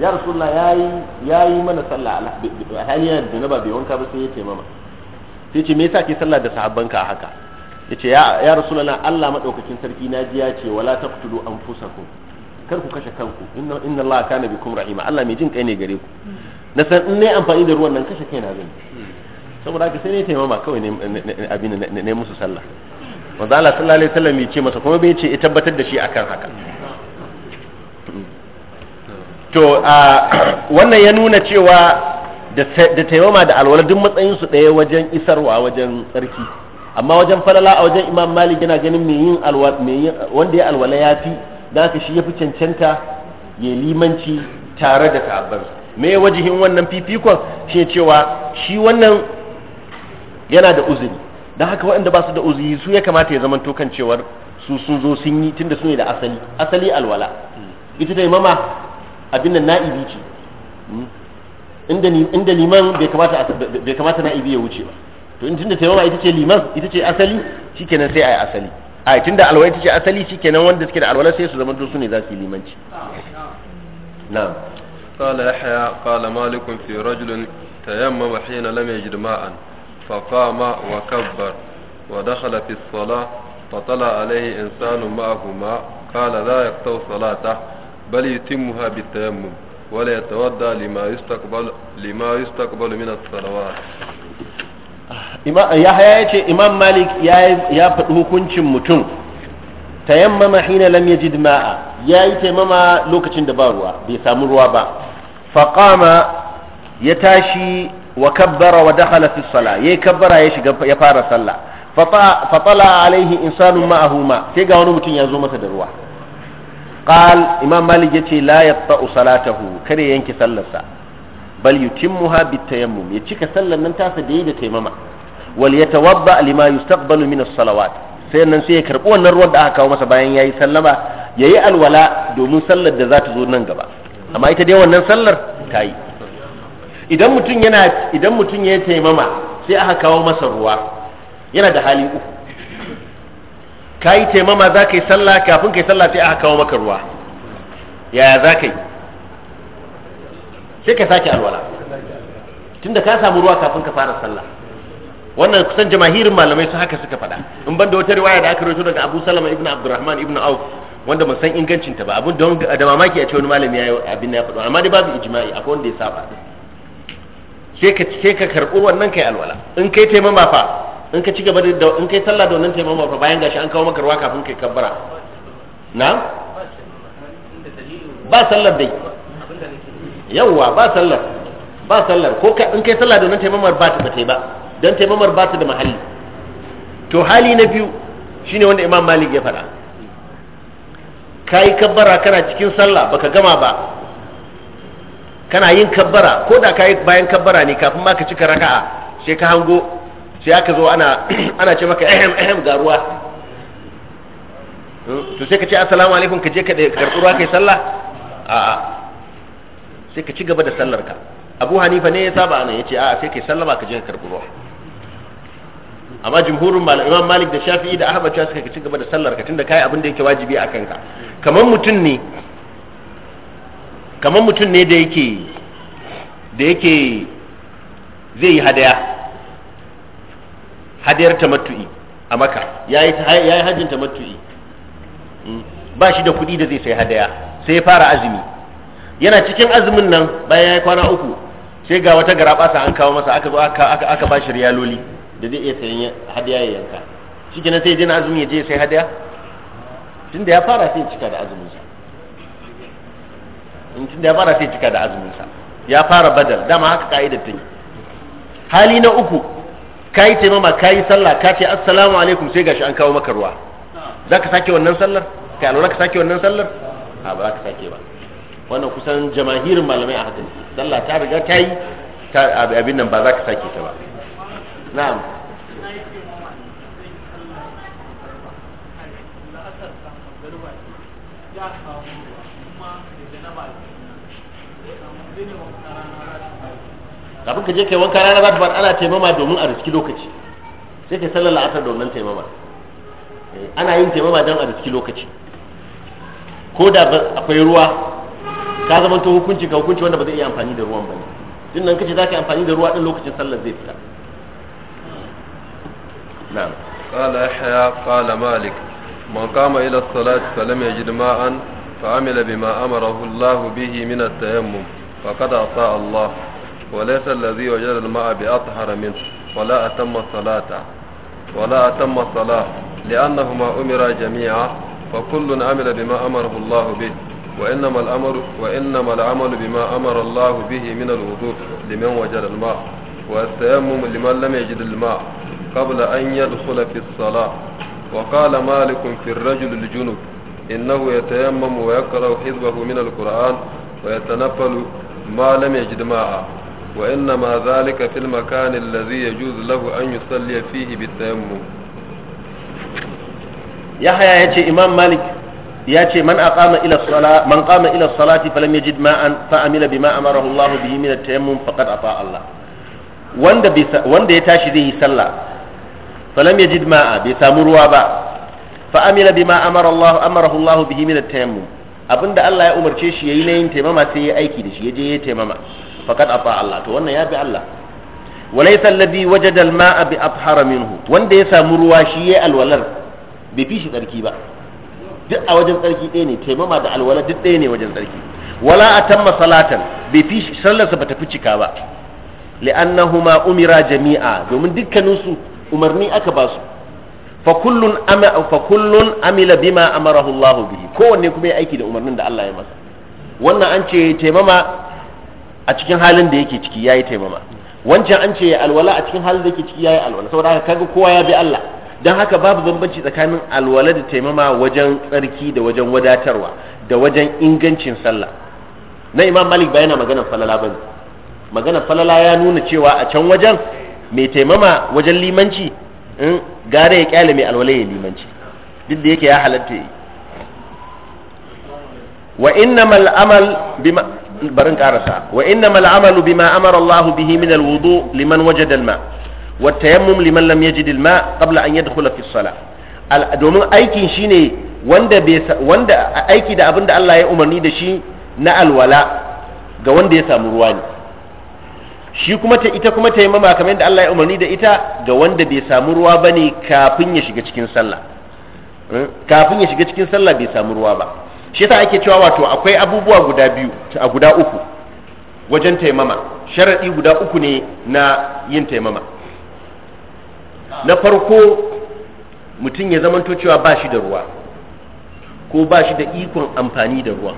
ya rasulullah yayi yayi mana sallah a haliya da na ba bai wanka ba sai ya taimama sai ce me yasa ke sallah da sahabbanka a haka yace ya ya rasulullah Allah madaukakin sarki na ji ya ce wala taqtulu anfusakum kar ku kashe kanku inna inna Allah kana bikum rahima Allah mai jin kai ne gare ku na san in ne amfani da ruwan nan kashe kaina na zai saboda haka sai ne taimama kawai abin ne musu sallah wanda Allah sallallahu alaihi wasallam ya ce masa kuma bai ce ya tabbatar da shi akan haka to a wannan ya nuna cewa da taimama da alwala duk matsayin su ɗaya wajen isarwa wajen tsarki amma wajen falala a wajen imam malik yana ganin mai yin wanda ya alwala ya fi da haka shi ya fi cancanta ya limanci tare da sahabbansa me wajihin wannan fifikon shi cewa shi wannan yana da uzuri don haka waɗanda ba su da uzuri su ya kamata ya zamanto kan cewar su sun zo sun yi tunda su ne da asali asali alwala ita da imama abin nan na'ibi ce hmm? inda liman bai kamata na'ibi ya wuce ba to in tunda taimama ita ce liman ita ce asali shikenan sai a yi asali a tunda alwala ita ce asali shikenan wanda suke da alwala sai su zama su ne za su yi limanci na'am قال يحيى قال مالك في رجل تيمم حين لم يجد ماء فقام وكبر ودخل في الصلاة فطلع عليه إنسان معهما قال لا يقطع صلاته بل يتمها بالتيمم ولا يتودى لما يستقبل لما يستقبل من الصلوات yahaya ya ce imam malik ya faɗi hukuncin mutum tayammama hina lam yajid ma'a ya yi taimama lokacin da ba ruwa bai samu ruwa ba faƙama ya tashi wa kabbara wa dakhala fi salla yayi kabbara ya shiga ya fara sallah fatala alaihi insanun ma'ahu ma sai ga wani mutum ya zo masa da ruwa qal imam malik yace la yatta salatahu kada yanke sallarsa bal yutimmuha bitayammum ya cika sallar nan tasa da yi da taimama wal yatawadda lima yustaqbalu min as-salawat sai nan sai ya karbi wannan ruwan da aka kawo masa bayan yayi sallama yayi alwala domin sallar da za ta zo nan gaba amma ita dai wannan sallar ta yi idan mutum yana idan mutum ya taimama sai aka kawo masa ruwa yana da hali uku ka yi taimama za ka yi sallah kafin ka yi sallah sai aka kawo maka ruwa yaya za ka yi sai ka sake alwala tunda ka samu ruwa kafin ka fara sallah wannan kusan jamahirin malamai su haka suka faɗa in ban da wata riwaya da aka rawaito daga Abu Salama ibn Abdurrahman ibn Auf wanda ban san ingancin ta ba abin da mamaki a ce wani malami ya yi abin ya faɗo amma dai babu ijma'i akwai wanda ya saba sai ka cike ka karɓi wannan kai alwala in kai taimama fa in ka ci gaba da in kai sallah da wannan taimama fa bayan gashi an kawo maka ruwa kafin kai kabbara na ba sallar dai yawwa ba sallar ba sallar ko ka in kai sallah da wannan taimamar ba ta ba dan taimamar ba ta da mahalli to hali na biyu shine wanda Imam Malik ya faɗa kai kabbara kana cikin sallah baka gama ba kana yin kabbara ko da yi bayan kabbara ne kafin ma ka cika raka'a sai ka hango sai aka zo ana ana ce maka ehem ehem ga ruwa hmm, to sai ka ce assalamu alaikum ka je ka karɓi ruwa kai sallah a'a sai ka ci gaba da sallar ka abu hanifa ne ya saba nan ya ce a'a sai kai sallama ka je ka karɓi ruwa amma jumhurin malam imam malik da shafi'i da ahmad cewa suka ci gaba da sallar ka tunda kai abin da yake wajibi a kanka kamar mutum ne kamar mutum ne da yake da yake zai yi hadaya hadayar matu'i a maka ya yi hajjin matu'i hmm. ba shi da kuɗi da zai sai hadaya sai ya fara azumi yana cikin azumin nan bayan ya yi kwana uku sai ga wata garaɓasa an kawo masa aka aka ba shi riyaloli da zai iya sayan hadaya ya yanka shi kenan sai ya je na azumi ya je sai hadaya tunda ya fara sai ya cika da azumin sa in da fara sai cika da azumin sa ya fara badal dama haka ta yi hali na uku kai taimama kai sallah ka ce assalamu alaikum sai gashi an kawo maka ruwa zaka sake wannan sallar kai alwala ka sake wannan sallar a ba za ka sake ba wannan kusan jamahirin malamai a hakan sallah ta riga ta yi abin nan ba za ka sake ta ba na'am kafin ka je kai wanka rana za ta ana taimama domin a riski lokaci sai ka sallar la'asar domin taimama eh, ana yin taimama don a riski lokaci ko da akwai ruwa ka zama to hukunci ka hukunci wanda ba zai iya amfani da ruwan ba ne din nan kace za ka amfani da ruwa din lokacin sallar zai fita na'am قال malik قال مالك من قام إلى الصلاة فلم يجد ماء فعمل بما أمره الله به من التيمم فقد أطاع الله وليس الذي وجد الماء بأطهر منه ولا أتم الصلاة ولا أتم الصلاة لأنهما أمرا جميعا فكل عمل بما أمره الله به وإنما الأمر وإنما العمل بما أمر الله به من الوضوء لمن وجد الماء والتيمم لمن لم يجد الماء قبل أن يدخل في الصلاة وقال مالك في الرجل الجنب إنه يتيمم ويقرأ حزبه من القرآن ويتنفل ma lam yajid ma'a wa inna ma zalika fil makan allazi yajuz lahu an yusalli fihi bi tayammum yahya yace imam malik yace man aqama ila man qama ila salati falam yajid ma'an fa amila bima amarahu allah bihi min at-tayammum faqad allah wanda ya tashi zai yi sallah falam yajid ma'a bai samu ruwa ba fa min abinda Allah ya umarce shi yayi na yin taimama sai ya aiki da shi ya je ya taimama faqad ata Allah to wannan ya bi Allah walaysa alladhi wajada al bi athhara minhu wanda ya samu ruwa shi yayi alwalar bai fi shi tsarki ba duk a wajen tsarki ɗaya ne taimama da alwala duk ɗaya ne wajen tsarki wala atamma salatan bai fi sallarsa bata fi cika ba li'annahuma umira jami'a domin dukkaninsu umarni aka ba su fakullun kullun ama amila bima amarahu Allah bihi kowanne kuma ya aiki da umarnin da Allah ya masa wannan an ce taimama a cikin halin da yake ciki yayi taimama wancan an ce alwala a cikin halin da yake ciki yayi alwala saboda haka kaga kowa ya bi Allah dan haka babu bambanci tsakanin alwala da taimama wajen tsarki da wajen wadatarwa da wajen ingancin sallah na Imam Malik ba yana magana falala bane magana falala ya nuna cewa a can wajen mai taimama wajen limanci hmm, gare ya kyale mai alwala ya limanci duk da yake ya halatta yi wa mal amal bima barin karasa wa innamal amalu bima amara Allah bihi min wudu liman wajada ma wa tayammum liman lam yajid ma qabla an yadkhula fi as-salah domin aikin shine wanda wanda aiki da abinda Allah ya umarni da shi na alwala ga wanda ya samu ruwa ne shi kuma ta ita kuma ta yi mama kamar yadda Allah ya umarni da ita ga wanda bai samu ruwa ba ne kafin ya shiga cikin sallah hmm? kafin ya shiga cikin sallah bai samu ruwa ba shi yasa ake cewa wato akwai abubuwa guda biyu a guda uku wajen taimama sharaɗi guda uku ne na yin taimama na farko mutum ya zamanto cewa ba shi da ruwa ko ba shi da ikon amfani da ruwa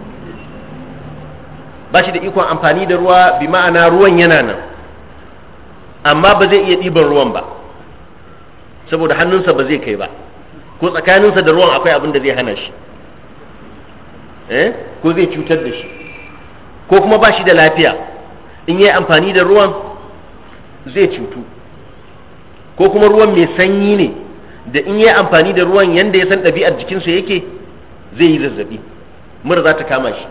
ba shi da ikon amfani da ruwa bi ma'ana ruwan yana nan amma ba zai iya ɗiban ruwan ba saboda hannunsa ba zai kai ba ko tsakaninsa da ruwan akwai abin da zai hana shi eh ko zai cutar da shi ko kuma ba shi da lafiya in yi amfani da ruwan zai cutu ko kuma ruwan mai sanyi ne da in yi amfani da ruwan yadda ya san ɗabi'ar jikinsa yake zai yi zazzabi mura za ta kama shi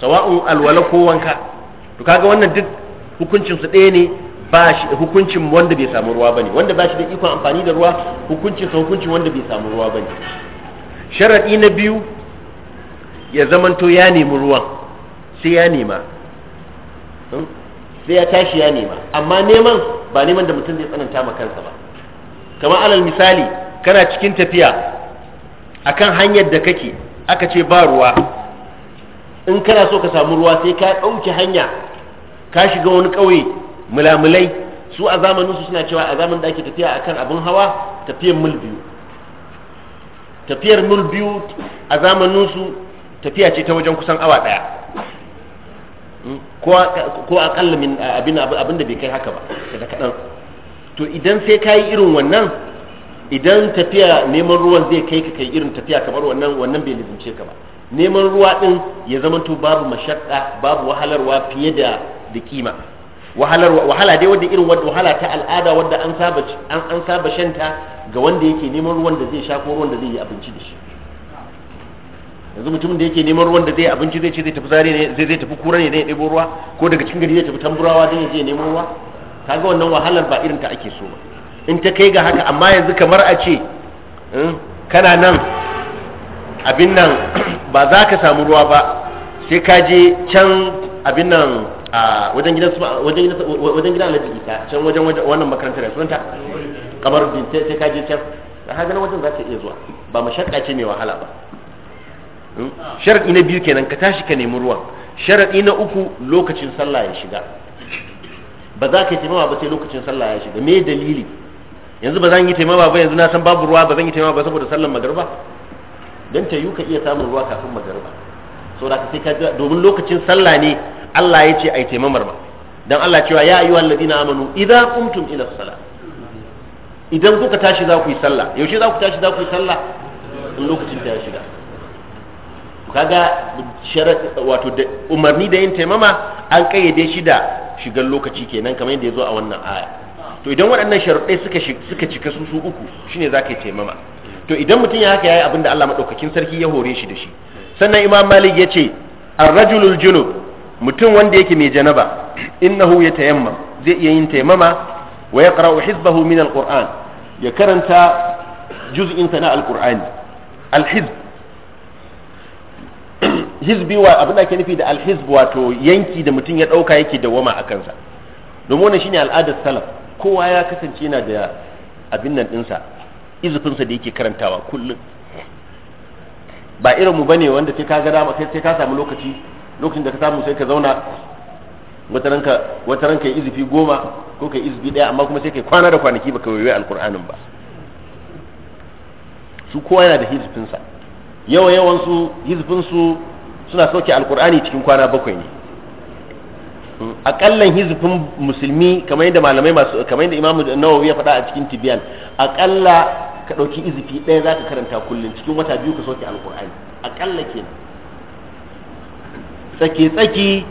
sawa'un alwala ko wanka to kaga wannan duk hukuncin su ɗaya ne ba shi hukuncin wanda bai samu ruwa bane wanda ba shi da ikon amfani da ruwa hukuncin sa hukuncin wanda bai samu ruwa bane sharadi na biyu ya zamanto ya nemi ruwan sai ya nema hmm? sai ya tashi ya nema amma neman ba neman da mutum zai tsananta ma kansa ba kamar alal misali kana cikin tafiya akan hanyar da kake aka ce ba ruwa in kana so ka samu ruwa sai ka ɗauki hanya ka shiga wani ƙauye mulamulai su a zamanin su suna cewa a zamanin da ake tafiya akan abin hawa tafiyar mil biyu tafiyar mil biyu a zamanin su tafiya ce ta wajen kusan awa ɗaya hmm, ko akalla min abin abin da bai kai haka ba daga kaɗan to idan sai ka yi irin wannan idan tafiya neman ruwan zai kai ka kai irin tafiya kamar wannan wannan bai lizince ka ba neman ruwa din ya zama to babu mashakka babu wahalarwa fiye da da kima wahala dai wanda irin wanda wahala ta al'ada wanda an saba an saba shanta ga wanda yake neman ruwan da zai sha ko ruwan da zai yi abinci da shi yanzu mutumin da yake neman ruwan da zai abinci zai ce zai tafi zare ne zai zai tafi kura ne zai ɗebo ruwa ko daga cikin gari zai tafi tamburawa zai je neman ruwa kaga wannan wahalar ba irin ta ake so ba in ta kai ga haka amma yanzu kamar a ce hmm, kana nan abin nan ba za ka samu ruwa ba sai ka je can abin nan a wajen gidan wajen gidan wajen gidan Alhaji Isa can wajen wannan makarantar da sunanta kamar din sai ka je can haka nan wajen za ka iya zuwa ba mashakka ce mai wahala ba hmm? sharadi na biyu kenan ka tashi ka nemi ruwan sharadi na uku lokacin sallah ya shiga ba za ka yi taimawa ba sai lokacin sallah ya shiga me dalili yanzu ba zan yi taimawa ba yanzu na san babu ruwa ba zan yi taimawa ba saboda sallar magariba dan ta yi ka iya samun ruwa kafin magariba saboda ka sai ka domin lokacin sallah ne Allah ya ce a yi taimamar ba don Allah cewa ya yi wa ladina amanu idan qumtum ila sala idan kuka tashi za ku yi sallah yaushe za ku tashi za ku yi sallah in lokacin ta ya shiga kaga sharat wato da umarni da yin taimama an kayyade shi da shigan lokaci kenan kamar yadda ya zo a wannan aya to idan waɗannan sharuɗai suka suka cika su su uku shine za ka yi taimama to idan mutum ya haka ya abin da Allah madaukakin sarki ya hore shi da shi sannan imam malik ya ce ar-rajulul junub mutum wanda yake mai janaba innahu ya tayammam zai iya yin tayammama wa yaqra'u hizbahu min alquran ya karanta juz'in ta na alqur'ani alhizb hizbi wa abin da ke nufi da alhizb wato yanki da mutum ya dauka yake dawama a kansa domin wannan shine al'adar salaf kowa ya kasance yana da abin nan dinsa sa da yake karantawa kullum ba irin mu bane wanda sai ka ga dama sai ka samu lokaci lokacin da ka samu sai ka zauna wata ranka yi izifi goma ko ka yi izifi ɗaya amma kuma sai ka kwana da kwanaki ba ka waiwai alkur'anin ba su kowa yana da hizifinsa yawan yawan su hizifinsu suna sauke alkur'ani cikin kwana bakwai ne hmm, akallan hizifin musulmi kamar yadda malamai masu kamar yadda imamu nawawi ya faɗa a cikin tibiyan akalla ka ɗauki izifi ɗaya za ka karanta kullum cikin wata biyu ka sauke alkur'ani akalla kenan sake-saki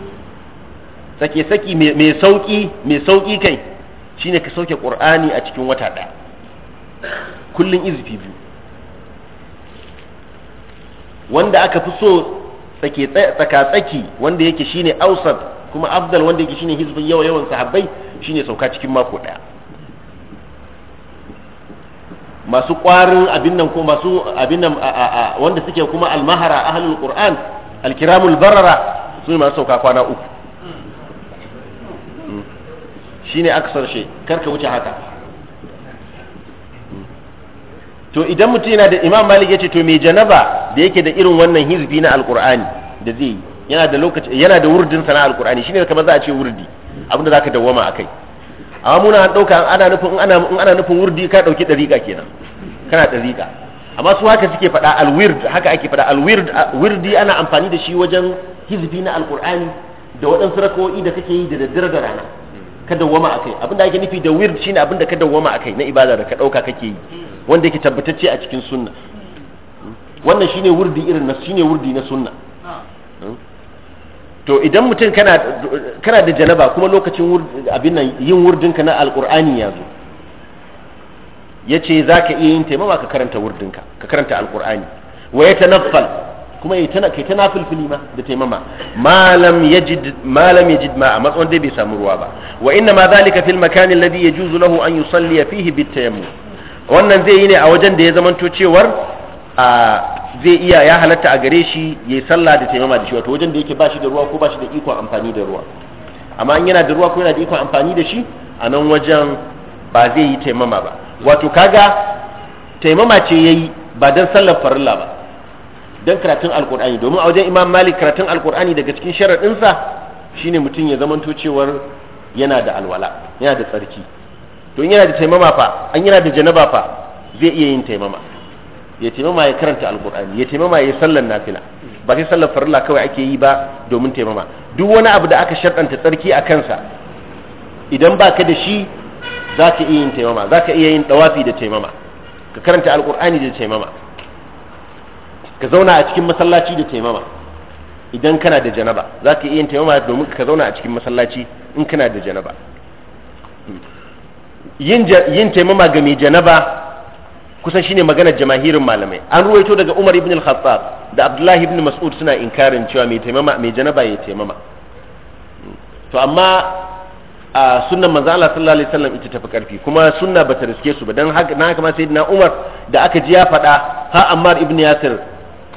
sake-saki mai sauki mai sauki kai shine ka sauke ƙur'ani a cikin wata ɗaya kullun izifi biyu wanda aka fi so tsaka-tsaki wanda yake shine ausad kuma afdal wanda yake shine hizbin yawa yawan sahabbai shine sauka cikin mako ɗaya masu kwarin abin nan ko masu abin nan wanda suke kuma almahara ahlul ƙur'an alkiramul barara sun yi masu sauka kwana uku hmm. shi ne aka shi karka wuce haka hmm. to idan mutum yana da imam malik ya ce to mai janaba da yake da irin wannan hizbi na alkur'ani da zai yi yana da lokaci yana da wurdin sana alkur'ani shine kamar za a ce wurdi abinda zaka dawwama akai amma muna an dauka ana nufin ana in ana nufin wurdi ka dauki dariƙa kenan kana dariƙa amma su haka suke faɗa alwird haka ake fada alwird wurdi ana amfani da shi wajen hizbi na alqur'ani da waɗansu rakawo'i da kake yi da daddare da rana ka dawwama akai abin da ake nufi da wird shine abin da ka dawwama akai na ibada da ka dauka kake yi wanda yake tabbatacce a cikin sunna wannan shine wurdi irin na shine wurdi na sunna to idan mutum kana kana da janaba kuma lokacin abin nan yin wurdinka na alqur'ani ya zo yace zaka iya yin taimama ka karanta wurdinka ka karanta alqur'ani wa yatanaffal kuma ya tana kai tana fulfuli ma da taimama malam yajid malam yajid ma a matsayin dai bai samu ruwa ba wa inna ma zalika fil makani alladhi yajuzu lahu an yusalli fihi bit tayammum wannan zai yi ne a wajen da ya zamanto cewar a zai iya ya halatta a gare shi yi sallah da taimama da shi wato wajen da yake bashi da ruwa ko bashi da ikon amfani da ruwa amma in yana da ruwa ko yana da ikon amfani da shi a nan wajen ba zai yi taimama ba wato kaga taimama ce ya yi ba don sallar farilla ba don karatun alkur'ani domin a wajen imam malik karatun alkur'ani daga cikin sharaɗinsa shine mutum ya zamanto cewar yana da alwala yana da tsarki to yana da taimama fa an yana da janaba fa zai iya yin taimama ya taimama ya karanta alkur'ani ya taimama ya sallar nafila ba sai sallar farilla kawai ake yi ba domin taimama duk wani abu da aka sharɗanta tsarki a kansa idan ba ka da shi za ka iya yin taimama za ka iya yin ɗawafi da taimama ka karanta alkur'ani da taimama ka zauna a cikin masallaci da taimama idan kana da janaba za ka iya taimama domin ka zauna a cikin masallaci in kana da janaba yin taimama ga mai janaba kusan shine maganar jamahirin malamai an ruwaito daga Umar ibn al-Khattab da Abdullahi ibn Mas'ud suna inkarin cewa mai taimama mai janaba ya taimama to amma a sunnan manzo Allah sallallahu alaihi wasallam ita tafi karfi kuma sunna bata riske su ba dan haka na haka ma sayyidina Umar da aka ji ya faɗa ha Ammar ibn Yasir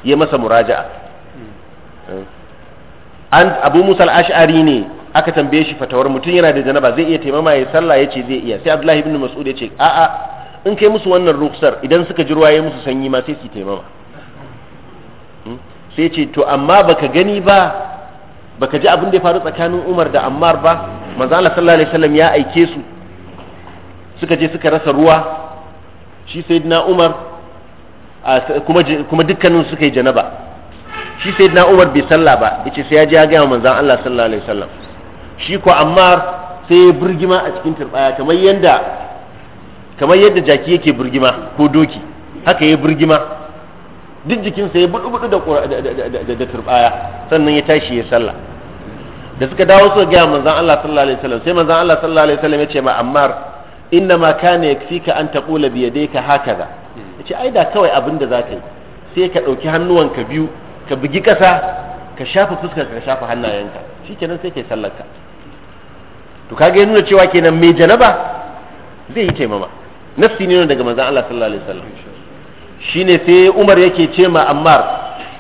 ya masa muraja'a an abu musal ashari ne aka tambaye shi fatawar mutum yana da janaba zai iya taimama ya sallah ya ce zai iya sai abdullahi ibn mas'ud ya ce a'a in kai musu wannan ruksar idan suka ji ruwa ya musu sanyi ma sai su taimama hmm? sai ce to amma baka gani ba baka ji abin da ya faru tsakanin Umar da Ammar ba manzo Allah sallallahu alaihi wasallam ya aike su suka je suka rasa ruwa shi sayyidina Umar kuma dukkanin suka yi janaba shi sai na umar bai sallah ba ce sai ya ji ya gaya manzan Allah sallallahu alaihi wasallam shi ko ammar sai ya burgima a cikin turbaya kamar yadda kamar yadda jaki yake burgima ko doki haka ya burgima duk jikinsa ya budu budu da da turbaya sannan ya tashi ya sallah da suka dawo suka gaya manzan Allah sallallahu alaihi wasallam sai manzan Allah sallallahu alaihi wasallam ya ce ma ammar inna ma kana yakfika an taqula bi yadayka hakaza ce ai da kawai abin da za ka yi sai ka ɗauki hannuwanka biyu ka bugi ƙasa ka shafa fuskar ka shafa hannayenka shi kenan sai kai sallarka to kaga ya nuna cewa kenan mai janaba zai yi taimama nafsi ne daga manzon Allah sallallahu alaihi wasallam shine sai Umar yake ce ma Ammar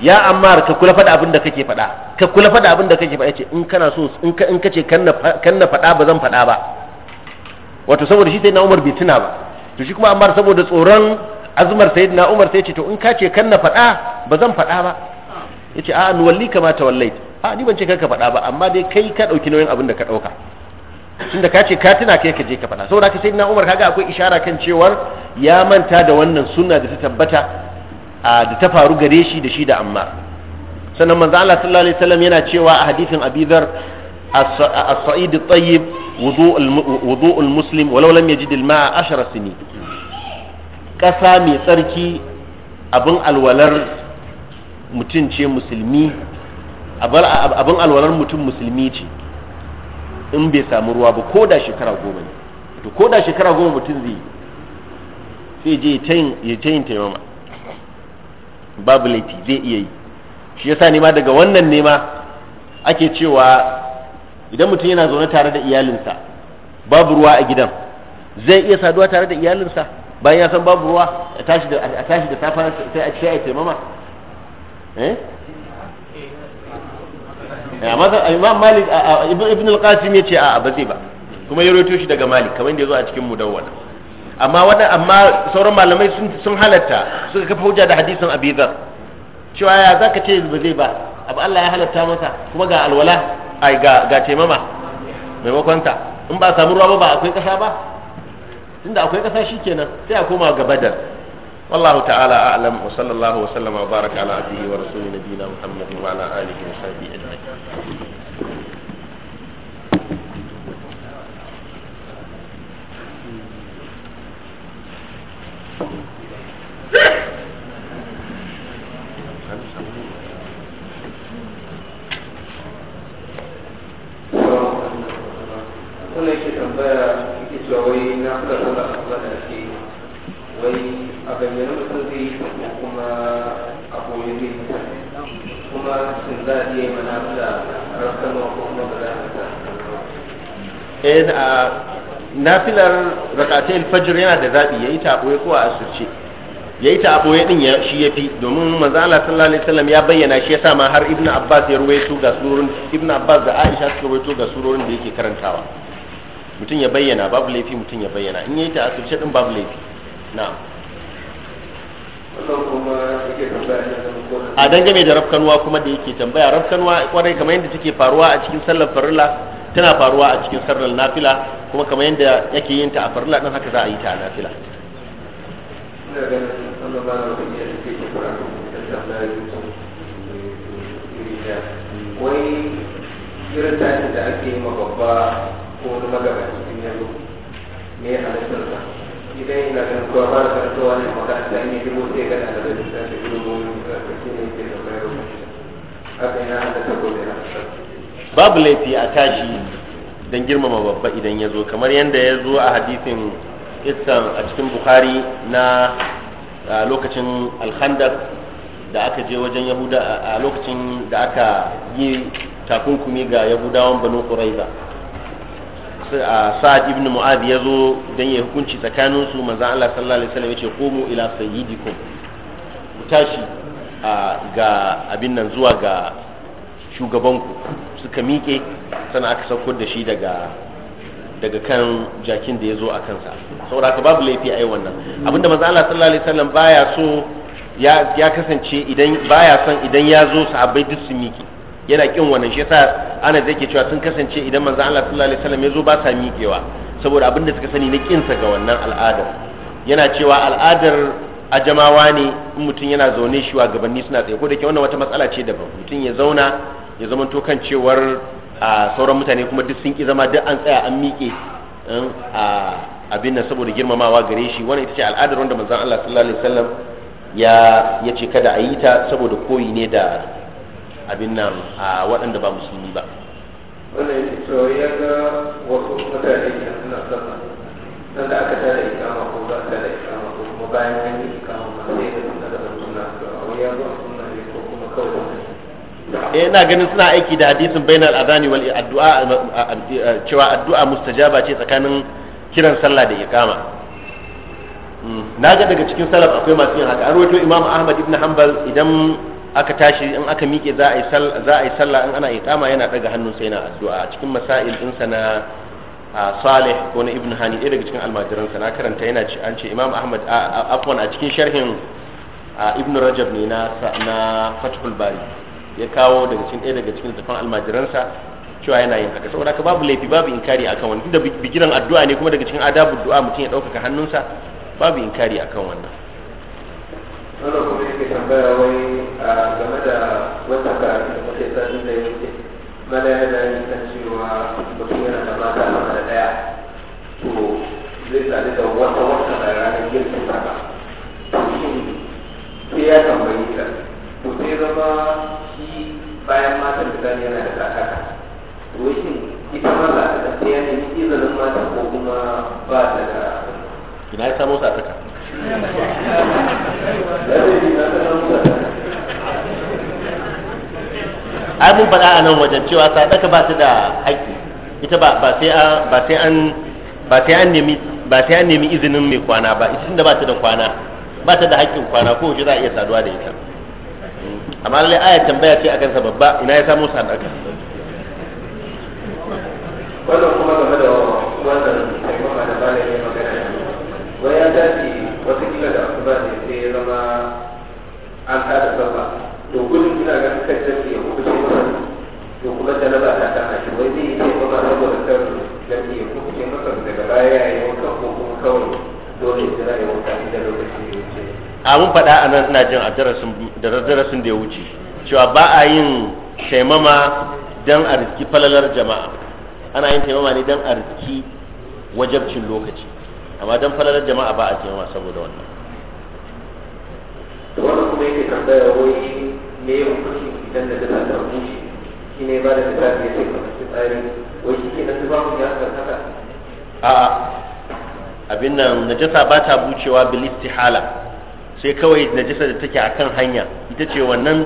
ya Ammar ka kula faɗa abin da kake faɗa ka kula faɗa abin da kake faɗa yace in kana so in ka in kace kan na kan na faɗa ba zan faɗa ba wato saboda shi sai na Umar bai tuna ba to shi kuma Ammar saboda tsoron azumar sayyidina umar sai ya ce to in ka ce kan na faɗa ba zan faɗa ba yace a nuwalli kama ta wallai a ni ban ce ka faɗa ba amma dai kai ka ɗauki nauyin abin da ka ɗauka tunda ka ce ka tuna kai ka je ka faɗa saboda ka sayyidina umar kaga akwai ishara kan cewar ya manta da wannan sunna da ta tabbata da ta faru gare shi da shi da amma sannan manzo Allah sallallahu alaihi wasallam yana cewa a hadisin Abi Dharr as-sa'id at-tayyib wudu al-muslim walau lam yajid al-ma'a 10 sinin ƙasa mai tsarki abin alwalar mutum ce musulmi abin alwalar mutum musulmi ce in bai samu ruwa ba ko da shekara goma ne to ko da shekara goma mutum zai sai je ya ta yin taimama babu laifi zai iya yi shi yasa nema daga wannan nema ake cewa idan mutum yana zaune tare da iyalinsa babu ruwa a gidan zai iya saduwa tare da iyalinsa bayan ya san babu ruwa a tashi da a tashi da safa sai a ce ai taimama eh amma imam malik ibn al-qasim yace a ba zai ba kuma ya roto shi daga malik kamar yadda zo a cikin mudawwana amma wadan amma sauran malamai sun sun halatta suka kafa hujja da hadisin abi dhar cewa ya zaka ce ba zai ba abu Allah ya halatta masa kuma ga alwala ai ga ga taimama maimakon ta in ba samu ruwa ba ba akwai kasa ba tunda akwai ƙasa shikenan sai a koma ga badar والله تعالى أعلم وصلى الله وسلم وبارك على عبده ورسوله نبينا محمد وعلى آله وصحبه أجمعين Yeah. wanda yake tambaya yake cewa wai na kula da wani abu da ake wai a bayyana mutum zai yi kuma a koyi zai yi kuma sun za a iya mana da rakanwa ko kuma ba za a ta eh, nafilar rakatai alfajir yana da zaɓi ya yi ta ko a asirce ya yi ta a din ya shi ya fi domin manzo Allah sallallahu alaihi wasallam ya bayyana shi yasa ma har ibnu abbas ya ruwaito ga surorin ibnu abbas da aisha suka ruwaito ga surorin da yake karantawa mutum ya bayyana babu laifi mutum ya bayyana in yi ta asirce din babu laifi na a dangane da rafkanuwa kuma da yake tambaya rafkanuwa kwarai kamar yadda take faruwa a cikin sallar farilla tana faruwa a cikin sallar nafila kuma kamar yadda yake yin ta a farilla din haka za a yi ta a nafila wai irin tashin da ake yi ma babba ko wani magabaci in ya zo me ya halittar sa idan yana ganin kowa ba da karatuwa ne magana da an yi dubu sai gana da zai ta shi ilimin da shi ne ke da mai rubutu haka ina halittar gobe na babu laifi a tashi don girmama babba idan ya zo kamar yadda ya zo a hadisin iskan a cikin bukhari na lokacin alhandar da aka je wajen yahuda a lokacin da aka yi takunkumi ga yahudawan banu quraiza sa'ad ibn mu'ad ya zo don ya hukunci tsakanin su manzon Allah sallallahu alaihi wasallam ya ce komo ila sayyidikum ku tashi ga abin nan zuwa ga shugabanku suka miƙe sannan aka sauko da shi daga daga kan jakin da ya zo a kansa saboda haka babu laifi a yi wannan abinda manzo Allah sallallahu alaihi wasallam baya so ya kasance idan baya son idan ya zo sahabbai duk su miƙe yana kin wannan shi yasa ana da yake cewa sun kasance idan manzo Allah sallallahu alaihi wasallam ya ba sa miƙewa saboda abin da suka sani na sa ga wannan al'adar yana cewa al'adar ajamawa ne in mutum yana zaune shi wa gabanni suna tsaye ko da ke wannan wata matsala ce daban mutum ya zauna ya zama to kan cewar a sauran mutane kuma duk sun ki zama duk an tsaya an miƙe um, a abin nan saboda girmamawa gare shi wannan ita ce al'adar wanda manzon Allah sallallahu alaihi wasallam ya ya ce kada a yi ta saboda koyi ne da abin nan a waɗanda ba musulmi ba wannan yake cewa ya ga wasu mutane da suna sallah nan da aka tada ikama ko ba tada ikama ko kuma bayan an yi ikama ma sai da suna da suna to a ya zo suna ne ko kuma kawai eh ina ganin suna aiki da hadisin bainal adani wal addu'a cewa addu'a mustajaba ce tsakanin kiran sallah da ikama hmm, na ga daga cikin salaf akwai masu yin haka an rawaito imam ahmad ibn hanbal idan aka tashi in aka miƙe za a yi sallah in ana iqama yana daga hannun sai yana addu'a a cikin masail din sa na Salih ko na Ibn Hani ɗaya daga cikin almajiran sa na karanta yana ce an ce Imam Ahmad afwan a cikin sharhin Ibn Rajab ne na na Fathul Bari ya kawo daga cikin ɗaya daga cikin tafan almajiran sa cewa yana yin haka saboda haka babu laifi babu inkari akan wannan da bigiran addu'a ne kuma daga cikin adabu addu'a mutum ya ɗaukaka hannunsa babu inkari akan wannan wannan kuma yake tambaya wai game da wata karatu da muke sanin da yake mana ya da yin kan cewa mutum yana da mata sama da daya to zai sadu da wata wata da ranar girkin saka to shi sai ya tambayi ta to sai zama shi bayan matan da zan yana da tsakaka to shi ita ma za ta sai ya nemi izinin mata ko kuma ba ta da ina ya samu tsakaka ai mun faɗa a nan wajen cewa sadaka ba ta da haƙƙi ita ba ba sai an ba sai an ba sai an nemi ba sai an nemi izinin mai kwana ba ita tunda ba ta da kwana ba ta da haƙƙin kwana ko shi za a iya saduwa da ita amma lalle ayar tambaya ce akan sa babba ina ya samu sadaka wannan kuma game da wannan an ta da sallah to gudun ina ganin kan tafi ya kuma ce masa to kuma talaba ta ta hashi wai zai yi ce kuma saboda kan tafi ya kuma ce masa daga baya ya yi wanka ko kuma kawai dole jira ya wanka inda lokaci ya wuce a mun faɗa a nan ina jin a darasin da ya wuce cewa ba a yin taimama don a riski falalar jama'a ana yin taimama ne don a riski wajabcin lokaci amma don falalar jama'a ba a taimama saboda wannan da wani kuma yake tambaya wai me ya hukunci idan da dana ta hukunci shi ne ba da fita ne sai kuma su tsari wai shi ke na su ba mu ya haka a'a abin nan najasa ba ta bucewa bil hala sai kawai najasa da take akan hanya ita ce wannan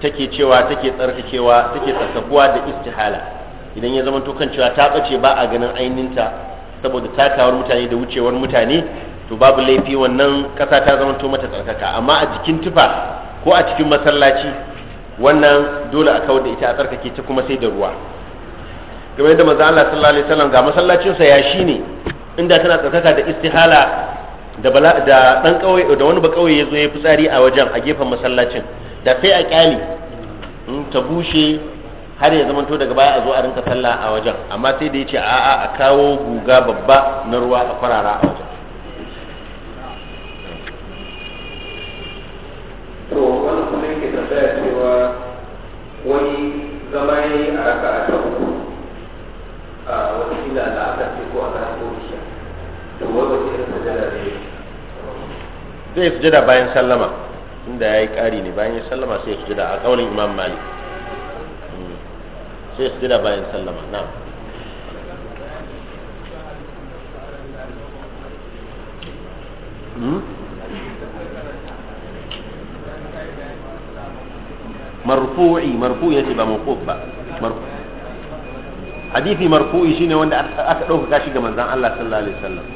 take cewa take tsarkakewa take tsarkakuwa da istihala idan ya zama to kan cewa ta bace ba a ganin ainihinta saboda takawar mutane da wucewar mutane to babu laifi wannan kasa ta zama to mata tsarkaka amma a jikin tufa ko a cikin masallaci wannan dole a kawar da ita a tsarkake ta kuma sai da ruwa game da manzo Allah sallallahu alaihi wasallam ga masallacin sa ya shine inda tana tsarkaka da istihala da bala da dan kauye da wani ba ya zo ya fitsari a wajen a gefen masallacin da sai a kyali ta bushe har ya to daga baya a zo a rinka sallah a wajen amma sai da ya ce a'a a kawo guga babba na ruwa a kwarara a wajen wani kuma yake cewa da aka ce ko ko bayan sallama inda ya yi ƙari ne bayan sallama sai ya sujada a ƙaunin imam malik hmm. sai sujada bayan sallama na hmm marfu'i marfu'i yace ba mawquf ba hadisi marfu'i shine wanda aka dauka shi ga manzon Allah sallallahu alaihi wasallam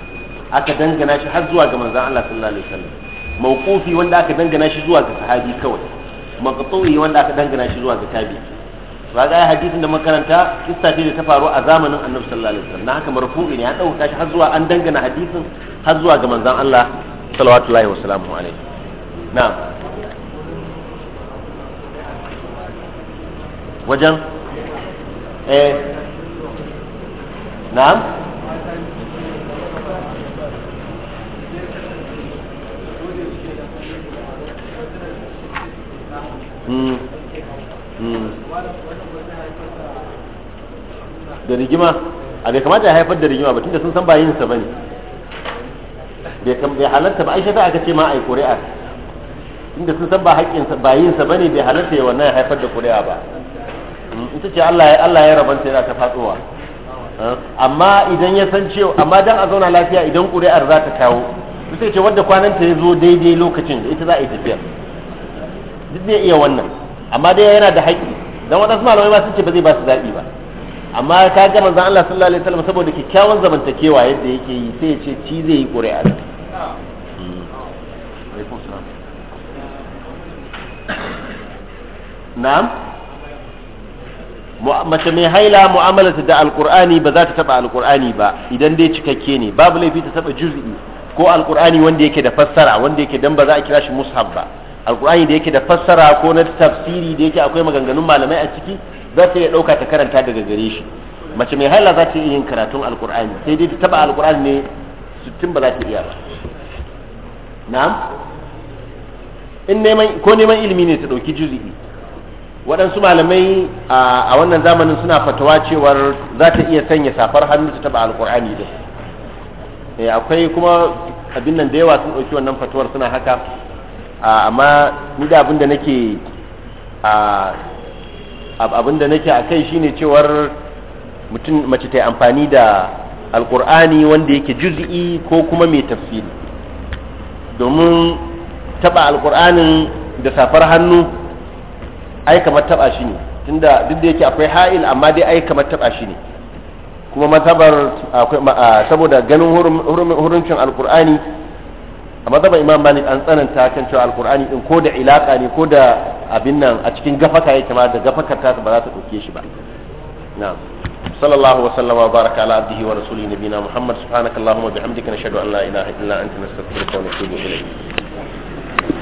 aka dangana shi har zuwa ga manzon Allah sallallahu alaihi wasallam mawqufi wanda aka dangana shi zuwa ga sahabi kawai maqtu'i wanda aka dangana shi zuwa ga tabi'i ba ga hadisin da makaranta kissa ce da ta faru a zamanin annabi sallallahu alaihi wasallam haka marfu'i ne ya dauka shi har zuwa an dangana hadisin har zuwa ga manzon Allah sallallahu alaihi wasallam na'am wajen eh na'am hmm. Hmm. da rigima a bai kamata ya haifar da rigima ba tunda sun san bayin ba ne bai halatta ba aisha ta aka ce ma a yi ƙuri'a inda sun san ba sa bayinsa ba ne bai halatta ya wannan ya haifar da kuri'a ba ita ce Allah ya rabanta yana ta faɗowa amma idan ya san cewa amma dan a zauna lafiya idan ƙuri'ar za ta kawo ita ce wadda kwananta ya zo daidai lokacin da ita za a yi tafiya duk zai iya wannan amma dai yana da haƙƙi dan waɗansu malamai ba sun ce ba zai ba su zaɓi ba amma ka ga manzon Allah sallallahu alaihi wasallam saboda kyakkyawan zamantakewa yadda yake yi sai ya ce ci zai yi ƙuri'a hmm. na'am mace mai haila mu'amalarta da alkur'ani ba za ta taba alkur'ani ba idan dai cikakke ne babu laifi ta taba juz'i ko alkur'ani wanda yake da fassara wanda yake dan ba za a kira shi mushaf ba alkur'ani da yake da fassara ko na tafsiri da yake akwai maganganun malamai a ciki za ta iya dauka ta karanta daga gare shi mace mai haila za ta iya yin karatun alkur'ani sai dai ta taba alkur'ani ne sittin ba za ta iya ba na'am in neman ko neman ilimi ne ta dauki juz'i waɗansu malamai a wannan zamanin suna fatawa cewar za ta iya sanya safar hannu ta taba alkur'ani din eh, akwai kuma abin nan da yawa sun ɗauki wannan fatawar suna haka amma ni da abin da nake abin da nake a kai shine cewar mutum mace ta amfani da alkur'ani wanda yake juz'i ko kuma mai tafsiri domin taba alkur'anin da safar hannu ai kamar taba shi ne tunda duk da yake akwai ha'il amma dai ai kamar taba shi ne kuma mazhabar ah, saboda ganin huruncin alkur'ani a mazhabar imam malik an tsananta kan cewa alkur'ani din ko da ilaka ne ko da abin nan a cikin gafaka yake ma da gafakar ta ba za ta dauke shi ba na'am sallallahu wa sallama wa baraka ala abdihi wa rasulihi nabina muhammad subhanakallahumma bihamdika nashhadu an la ilaha illa anta nastaghfiruka wa natubu ilayk